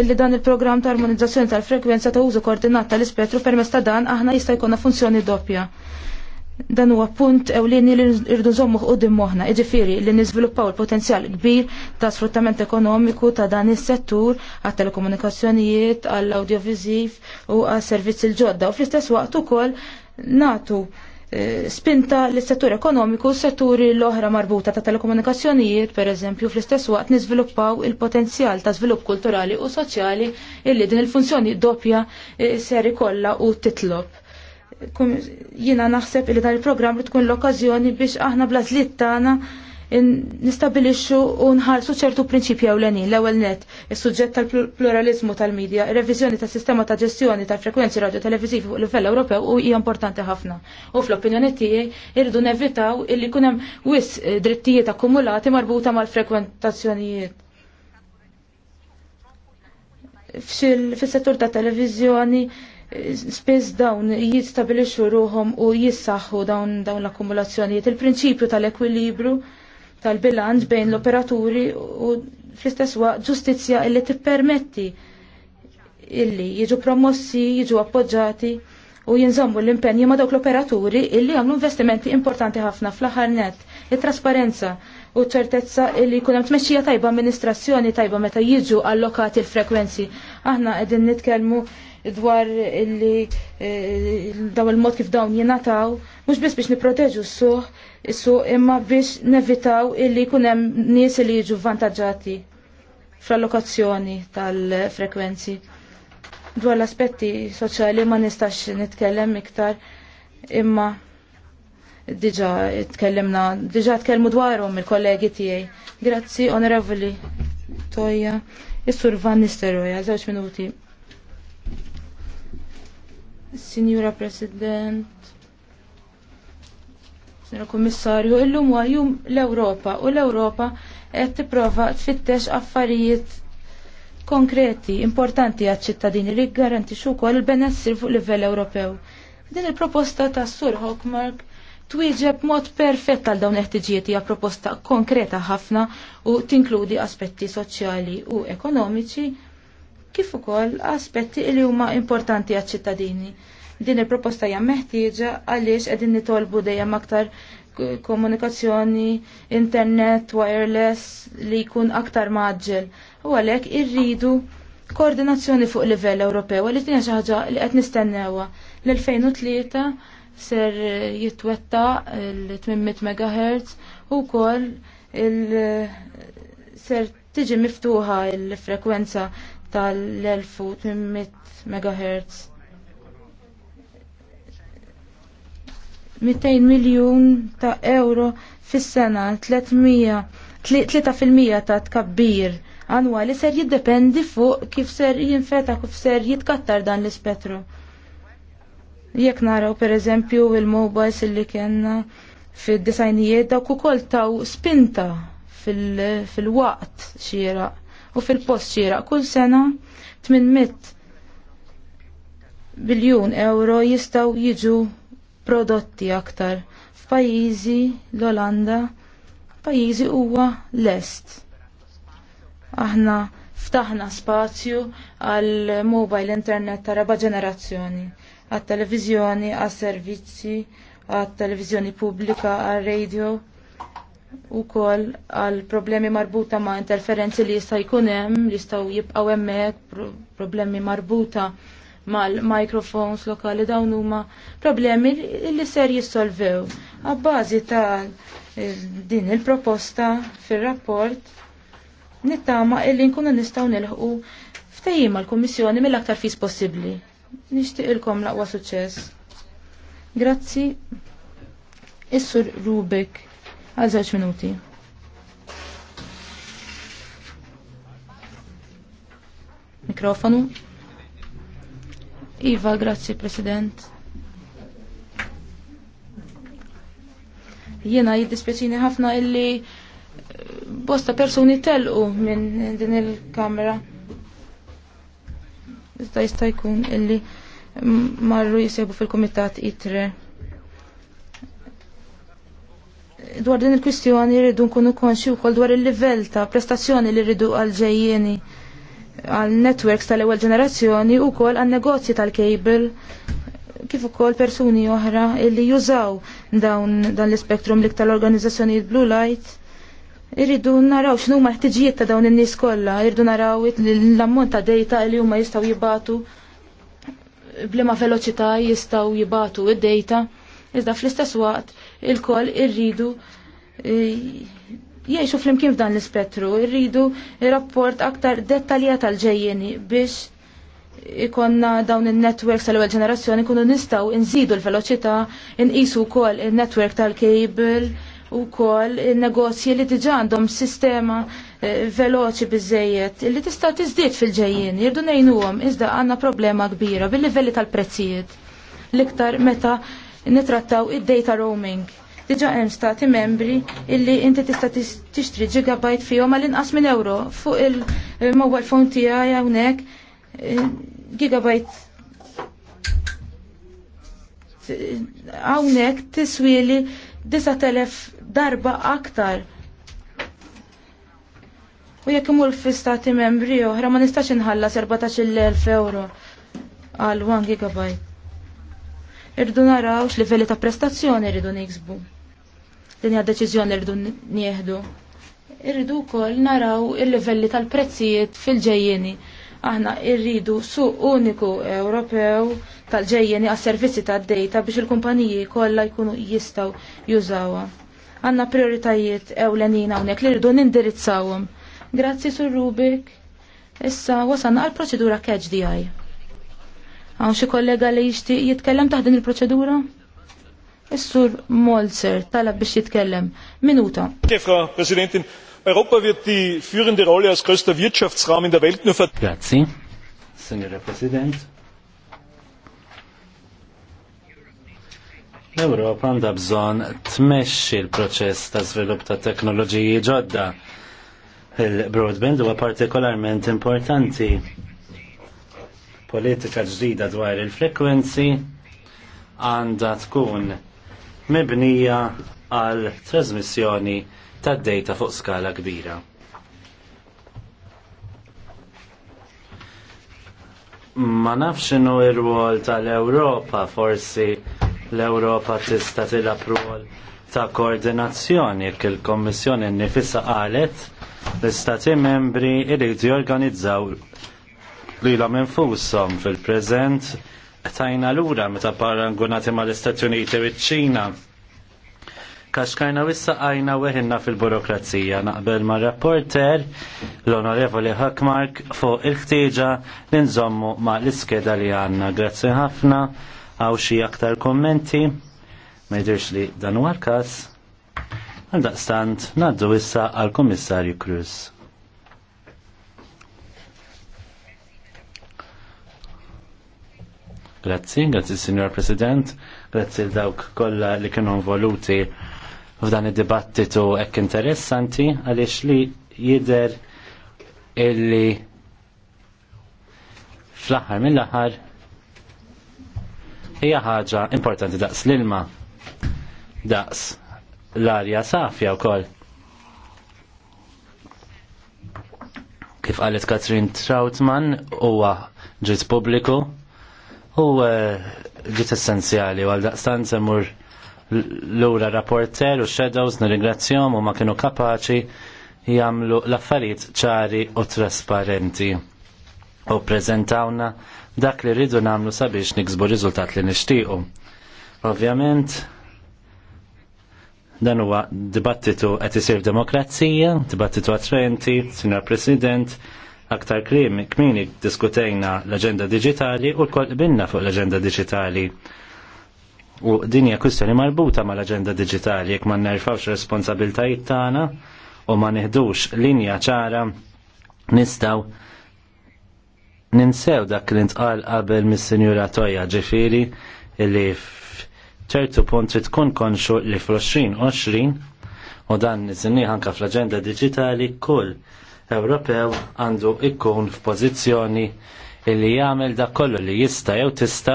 illi dan il-programm ta' armonizzazzjoni tal-frekwenza ta' użu koordinat tal-ispettru permezz ta' dan aħna jista' jkollna funzjoni doppja. Dan huwa punt ewlieni li rridu nżommu qudiem moħħna, jiġifieri li niżviluppaw il-potenzjal kbir ta' sfruttament ekonomiku ta' dan is-settur għat-telekomunikazzjonijiet, għall-awdjoviżiv u għas-servizzi l-ġodda u fl-istess waqt ukoll natu Eh, spinta l settur ekonomiku u setturi l-oħra marbuta ta' telekomunikazzjonijiet, per eżempju, fl-istess waqt niżviluppaw il-potenzjal ta' żvilupp kulturali u soċjali illi din il-funzjoni doppja eh, seri kollha u titlob. Jina naħseb illi dan il-programm li tkun l-okkażjoni biex aħna blażliet tagħna nistabilixxu u nħarsu ċertu prinċipji ewlenin l-ewwel net is-suġġett tal-pluralizmu tal-medja, ir-reviżjoni tas-sistema ta' ġestjoni tal-frekwenzi radio televiżivi fuq livell Ewropew u hija importanti ħafna. U fl-opinjoni tiegħi irdu nevitaw illi jkun hemm wis eh, drittijiet akkumulati marbuta mal-frekwentazzjonijiet fis settur ta' televiżjoni eh, spiss dawn jistabilixxu ruhom u jissaħħu dawn dawn l-akkumulazzjonijiet. Il-prinċipju tal-ekwilibru tal-bilanċ bejn l-operaturi u fl-istess waqt ġustizzja illi tippermetti illi jiġu promossi, jiġu appoġġati u jinżammu l-impenji ma dawk l-operaturi illi għamlu investimenti importanti ħafna fl-aħħar net, it-trasparenza u ċertezza illi jkun hemm tmexxija tajba amministrazzjoni tajba meta jiġu allokati l-frekwenzi. Aħna qegħdin nitkellmu dwar illi eh, daw il-mod kif dawn jenataw, mux biss biex niproteġu s-suħ, s-suq imma biex nevitaw illi kunem nies li jiġu vantagġati fl-allokazzjoni tal-frekwenzi. Dwar l-aspetti soċjali ma nistax nitkellem iktar imma diġa tkellimna, diġa tkellmu dwarhom il-kollegi tiegħi. Grazzi, onorevoli Toja, is-Sur Van Nisteroja, żewġ minuti. Signora President, Signora Kommissarju, illum huwa jum l-Ewropa u l-Ewropa qed tipprova tfittex affarijiet konkreti, importanti għat ċittadini li garantixxu wkoll il-benessir fuq livell Ewropew. Din il-proposta ta' Sur Hawkmark twieġeb mod perfett għal dawn il-ħtiġijiet hija proposta konkreta ħafna u tinkludi aspetti soċjali u ekonomiċi kif ukoll aspetti li huma importanti għaċ-ċittadini. Din il-proposta hija meħtieġa għaliex qegħdin nitolbu dejjem aktar komunikazzjoni, internet, wireless li jkun aktar maġġel. U għalhekk irridu koordinazzjoni fuq livell Ewropew li tinja xi ħaġa li qed nistennewha. L-2003 ser jitwetta l-800 MHz u wkoll ser tiġi miftuħa l-frekwenza tal-1800 MHz. 200 miljun ta' euro fis-sena 3% ta' tkabbir annwali ser jiddependi fuq kif ser jinfeta kif ser jitkattar dan l-ispettru. Jekk naraw per eżempju il-mobiles illi kienna fid-disajnijiet dawk ukoll taw spinta fil-waqt fil xieraq u fil-post xira kull sena 800 biljun euro jistaw jiġu prodotti aktar f'pajjiżi l-Olanda pajjiżi huwa lest. Aħna ftaħna spazju għal mobile internet ta' raba ġenerazzjoni, għat televizjoni, għas servizzi, għat televizjoni pubblika, għal radio u kol għal problemi marbuta ma' interferenzi li jista' jkun hemm li jistgħu jibqgħu hemmhekk problemi marbuta mal-microphones lokali dawn huma problemi li ser jissolvew. Abbażi ta' eh, din il-proposta fir-rapport nittama illi nkunu nistgħu nilħqu ftehim mal-Kummissjoni mill-aktar fis possibbli. Nixtieq ilkom laqwa suċċess. Grazzi. Issur Rubik għal żewġ minuti. Mikrofonu. Iva, grazzi President. Jiena jiddispjaċini ħafna illi eh, bosta persuni telqu minn din il-kamera. Iżda jista' jkun illi marru jisibu fil-kumitat itre dwar din il-kwistjoni rridu nkunu konxi wkoll dwar il-livell ta' prestazzjoni li rridu għal-ġejjieni għal networks tal-ewwel ġenerazzjoni wkoll għal negozji tal-kejbel kif ukoll persuni oħra li jużaw dawn dan l spektrum li tal-organizzazzjonijiet Blue Light. Irridu naraw x'nu ma ħtiġijiet ta' dawn in-nies kollha, irridu naraw l-ammont ta' data li huma jistgħu jibatu bliema veloċità jistgħu jibatu id-data iżda fl-istess waqt il-koll irridu e, jiexu fl-imkien f'dan l-ispettru, irridu rapport aktar dettaljat għal-ġejjeni biex ikonna dawn il-networks tal-ewwel ġenerazzjoni kunu nistgħu nżidu l-veloċità, inqisu wkoll il-network tal kabel u kol il-negozji li diġa għandhom sistema e, veloċi bizzejiet li tista' tiżdied fil-ġejjien, jirdu ngħinuhom iżda għandna problema kbira bil-livelli tal-prezzijiet. L-iktar meta nitrattaw id-data roaming. Diġa hemm stati membri illi inti tista' tixtri gigabyte fihom għal inqas minn euro fuq il-mobile phone tiegħi hawnhekk eh, gigabyte hawnhekk tiswieli 9000 darba aktar U jekk imur fi stati membri oħra ma nistax inħallas 14,000 euro għal 1 gigabyte irridu naraw x'livelli ta' prestazzjoni rridu niksbu. Din hija deċiżjoni rridu nieħdu. Irridu wkoll naraw il-livelli tal-prezzijiet fil-ġejjeni. Aħna rridu suq uniku Ewropew tal-ġejjeni għas-servizzi tad-dejta biex il-kumpaniji kollha jkunu jistgħu jużawha. Għandna prioritajiet ewlenin hawnhekk li rridu nindirizzawhom. Grazzi sur Rubik. Issa wasanna għal proċedura catch DI. Għaw xie kollega li jixtieq jitkellem taħdin il-proċedura? Is-sur Molzer talab biex jitkellem. Minuta. Frau Präsidentin, Europa wird die führende Rolle als größter Wirtschaftsraum in der Welt nur ver... Grazie, signora President. L-Europa għandha bżonn tmexxi l-proċess ta' żvilupp ta' teknoloġiji ġodda. Il-broadband huwa partikolarment importanti politika ġdida dwar il-frekwenzi għandha tkun mibnija għal trasmissjoni tad dejta fuq skala kbira. Ma nafx inhu r-rwol tal-Ewropa, forsi l-Ewropa tista' tilab rwol ta' koordinazzjoni jekk il-Kommissjoni nifisa qalet l-Istati membri jridu jorganizzaw li la minfusom fil-prezent tajna l-ura meta parangunati ma l-Istati Uniti u ċ-Ċina. Kaxkajna wissa għajna weħinna fil-burokrazija naqbel ma' rapporter l-onorevoli Hakmark fuq il-ħtieġa li nżommu ma' l-iskeda li għanna. Grazzi ħafna għaw xi aktar kommenti. Ma jidirx li dan huwa l-każ. Għaldaqstant naddu wissa għal-Kummissarju Cruz. Grazzi, grazzi Signor President, grazzi dawk kollha li kienu involuti f'dan id-dibattitu hekk interessanti għaliex li jidher illi fl-aħħar mill-aħħar hija ħaġa importanti daqs l-ilma daqs l-arja safja wkoll. Kif qalet Katrin Trautman huwa ġiet pubbliku u ġit essenzjali għal għaldaqstant semmur l-ura rapporter u shadows nirringrazzjom u ma kienu kapaċi jagħmlu l-affarijiet ċari u trasparenti u prezentawna dak li rridu nagħmlu sabiex niksbu riżultat li nixtiequ. Ovvjament, dan huwa dibattitu qed isir demokrazija, dibattitu attrenti, Sinjor President, aktar krim kmini diskutejna l-agenda digitali u l-kol binna fuq l-agenda digitali. U dinja kwistjoni marbuta ma l-agenda digitali, jek ma nerfawx responsabiltajiet tagħna u ma neħdux linja ċara nistaw ninsew dak li ntqal qabel mis-Sinjura Toja ġifiri li ċertu punt li tkun konxu li fl-20 20 u dan nisinni ħanka fl-aġenda digitali kull Ewropew għandu ikkun f'pożizzjoni illi jagħmel dak kollu li jista' jew tista'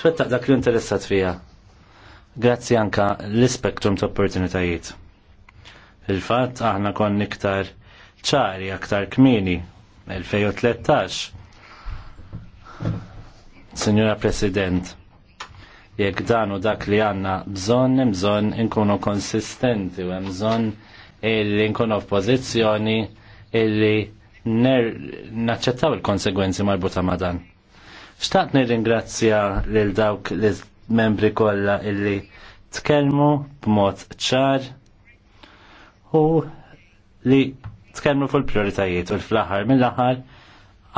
twettaq dak li interessat fija. Grazzi anka l-spektrum ta' opportunitajiet. Fil-fatt aħna konni iktar ċari, aktar kmini, 2013. Signora President, jekk dan u dak li għanna bżonn, bżonn inkunu konsistenti u hemm bżonn illi nkunu f'pożizzjoni illi naċċettaw il-konsegwenzi marbuta ma' dan. Xtaqt nirringrazzja lil dawk l-membri kollha illi tkellmu b'mod ċar u li tkellmu fuq il-prioritajiet u l-fl-aħħar mill-aħħar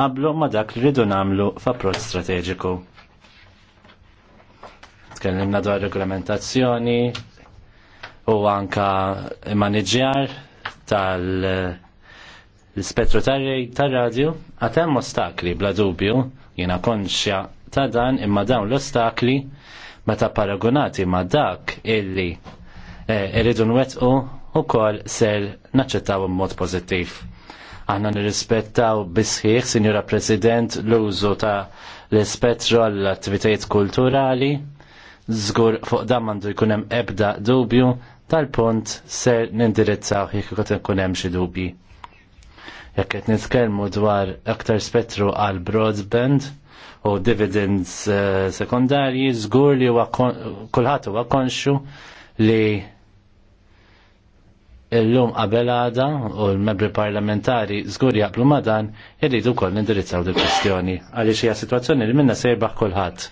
qablu ma dak li rridu nagħmlu f'approċċ strateġiku tkellimna dwar regolamentazzjoni, u anka maniġjar tal-spettru eh, l-ispettru tal-radio għatem ostakli bla dubju jina konxja ta' dan imma dawn l-ostakli meta paragonati ma' dak illi eh, irridu nwettqu u kol ser naċċettaw mod pozittiv. Aħna nirrispettaw bisħiħ, Sinjura President, l-użu ta' l-ispettru għall-attivitajiet kulturali, Zgur fuq dan mandu jkunem ebda dubju tal-punt ser nindirizzaw jekk ikun ikun hemm xi dubji. Jekk qed nitkellmu dwar aktar spettru għal broadband u dividends eh, sekundarji, żgur li huwa kulħadd huwa konxu li illum qabel għada u l-membri parlamentari żgur jaqblu ma dan irridu wkoll nindirizzaw dil kwistjoni għaliex hija sitwazzjoni li minna sejbaħ kulħadd.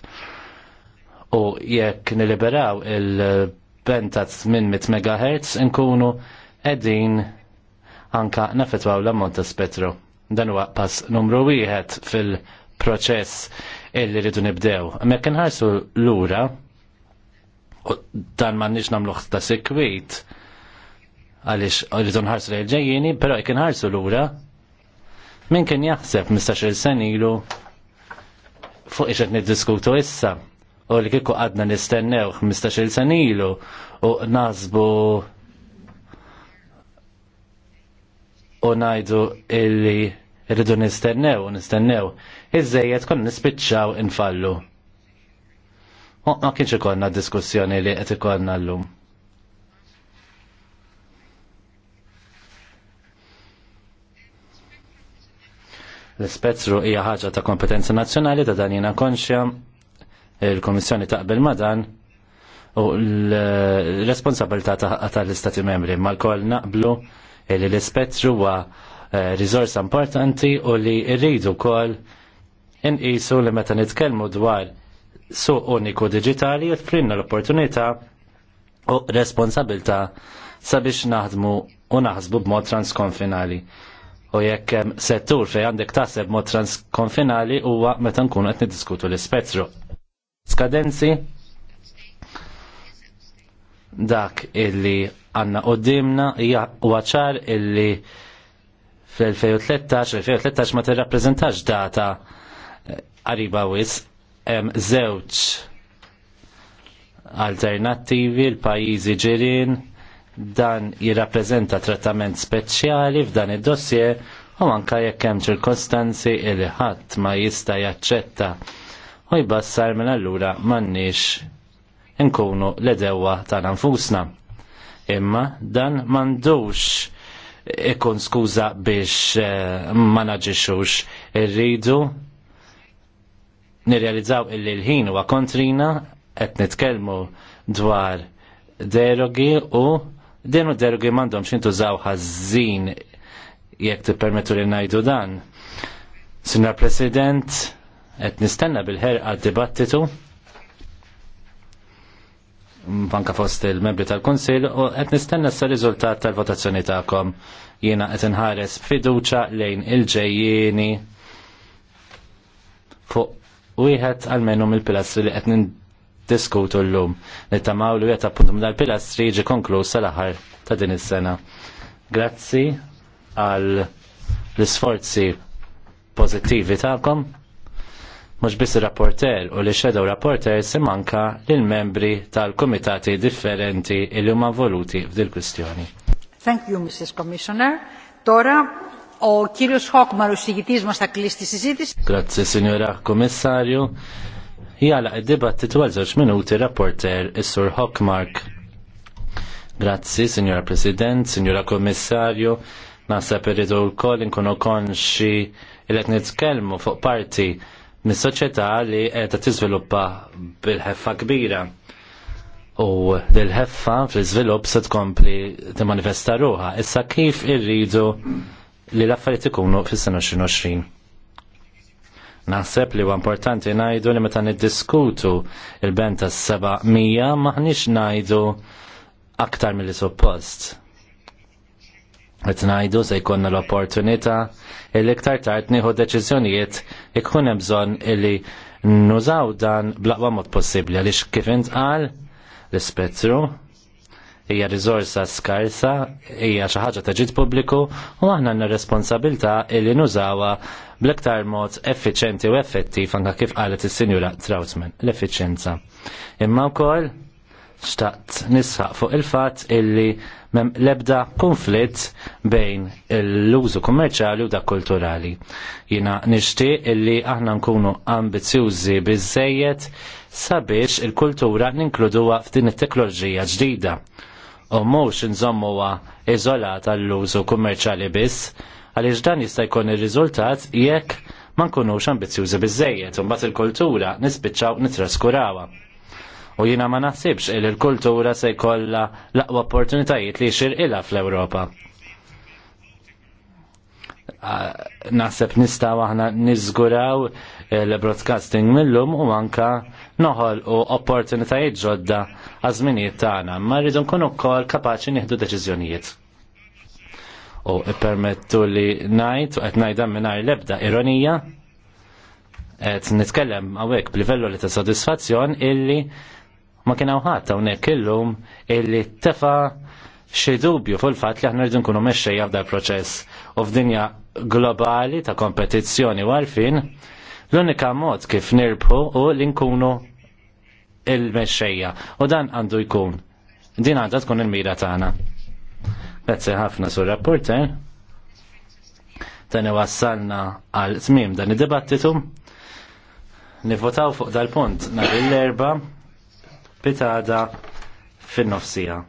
U jekk niliberaw il- benta 800 MHz nkunu edin anka nafetwaw l-ammont ta' spettru. Dan huwa pass numru wieħed fil-proċess illi rridu nibdew. Mek nħarsu lura u dan ma nix namluħ ta' sekwit għalix rridu nħarsu l-ġejjini, pero jek nħarsu lura min kien jaħseb mistax il-senilu fuq ixet niddiskutu issa u li kieku għadna nistennew 15 sanilu ilu u nazbu u najdu illi rridu nistennew u nistennew iżżejjed kon nispiċċaw infallu. U ma kienx ikonna diskussjoni li qed ikonna llum. L-spettru hija ħaġa ta' kompetenza nazzjonali ta' dan konxja il-Komissjoni taqbel ma dan u l-responsabilità tal-Istati membri ma l-koll naqblu li l-ispettru huwa eh, risorsa importanti u li rridu kol inqisu li meta nitkellmu dwar suq uniku digitali jitfrinna l-opportunità u responsabilità sabiex naħdmu u naħsbu b'mod transkonfinali. U jekk hemm settur fejn għandek taħseb mod transkonfinali huwa meta nkunu qed niddiskutu l-ispettru skadenzi dak illi għanna qoddimna hija għacħar illi fl-2013 2013 ma t-reprezentax data eh, qariba wis hemm żewġ alternattivi l-pajjiżi ġirien dan jirrappreżenta trattament speċjali f'dan id-dossier u anke jekk hemm ċirkostanzi li ħadd ma jista' jaċċetta u jibassar minn mela allura m'għandniex nkunu l-edewa ta' nfusna. Imma dan m'għandux ikun skuża biex eh, ma naġixux irridu nirrealizzaw illi l-ħin huwa kontrina qed nitkellmu dwar derogi u din u derogi m'għandhomx jintużaw ħażin jekk tippermettu li ngħidu dan. Signor President, Et nistenna bil-ħerqa dibattitu banka fost il-membri tal-Konsil u qed nistenna s riżultat tal-votazzjoni tagħkom. Jiena qed inħares fiduċa lejn il-ġejjieni fuq wieħed għalmenu mill-pilastri li qed diskutu l-lum. Nittamaw li għet appuntum dal-pilastri ġi konklus sal-ħar ta' din is-sena. Grazzi għal l-sforzi pozittivi ta'kom mhux biss ir-rapporter u li shadow rapporter manka lill membri tal-kumitati differenti li huma voluti f'dil kwistjoni. Thank you, Mrs. Commissioner. Tora, o Kyrios Hokmar, maru s-sigitiz ma staklis ti sizitis. Grazie, Signora Commissario. Jala, id-dibattitu għal minuti rapporter is-sur Hokmark. Grazzi, Signora President, Signora Kommissarju, nasa peridu l-koll inkunu konxi il-etnit kelmu fuq parti mis-soċjetà li qiegħda tiżviluppa bil-ħeffa kbira. U dil-ħeffa fl-iżvilupp se tkompli timmanifesta ruha. Issa kif irridu li l-affarijiet ikunu fis-sena 2020. Naħseb li huwa importanti ngħidu li meta niddiskutu il-bent tas-700 maħniex ngħidu aktar mill-li suppost qed ngħidu se jkollna l-opportunità li iktar tard nieħu deċiżjonijiet ikun hemm bżonn illi nużaw dan blaqwa mod possibbli għaliex kif intqal l-ispettru hija riżorsa skarsa, hija xi ħaġa ta' ġid pubbliku u aħna għandna responsabilità li nużawha bl-iktar mod effiċenti u effettiv anke kif qalet is-Sinjura Trautman, l-effiċenza. Imma wkoll xtaqt nisħaq fuq il-fat illi mem lebda konflitt bejn l-użu kummerċali u dak kulturali. Jina nishti illi aħna nkunu ambizjużi bizzejiet sabiex il-kultura ninkluduwa f'din it-teknoloġija ġdida u mhux nżommuwa iżolata l-użu kummerċali biss għaliex dan jista' jkun ir-riżultat jekk ma nkunux ambizjużi biżejjed u mbagħad il-kultura nispiċċaw nitraskurawha U jina ma naħsibx il l-kultura se jkollha laqwa opportunitajiet li xir ila fl-Ewropa. Naħseb nistaw aħna niżguraw il-broadcasting millum u anka noħol u opportunitajiet ġodda għażminijiet tagħna, ma rridu nkunu wkoll kapaċi nieħdu deċiżjonijiet u permettu li najt, u għet najda minnar lebda ironija, għet nitkellem għawek b'livello li ta' sodisfazzjon illi Ma kien hawn ħadd hawnhekk illum illi tefa xi dubju fil-fatt li aħna rridu nkunu mexxejja f'dal proċess u f'dinja globali ta' kompetizzjoni u għalfin l-unika mod kif nirbħu u li nkunu il-mexxejja u dan għandu jkun. Din għandha tkun il-mira tagħna. Grazzi ħafna sur rapporter. Tani wassalna għal tmim dan id-dibattitu. Nivotaw fuq dal-punt nhar l-erba' bitada fin-nofsija.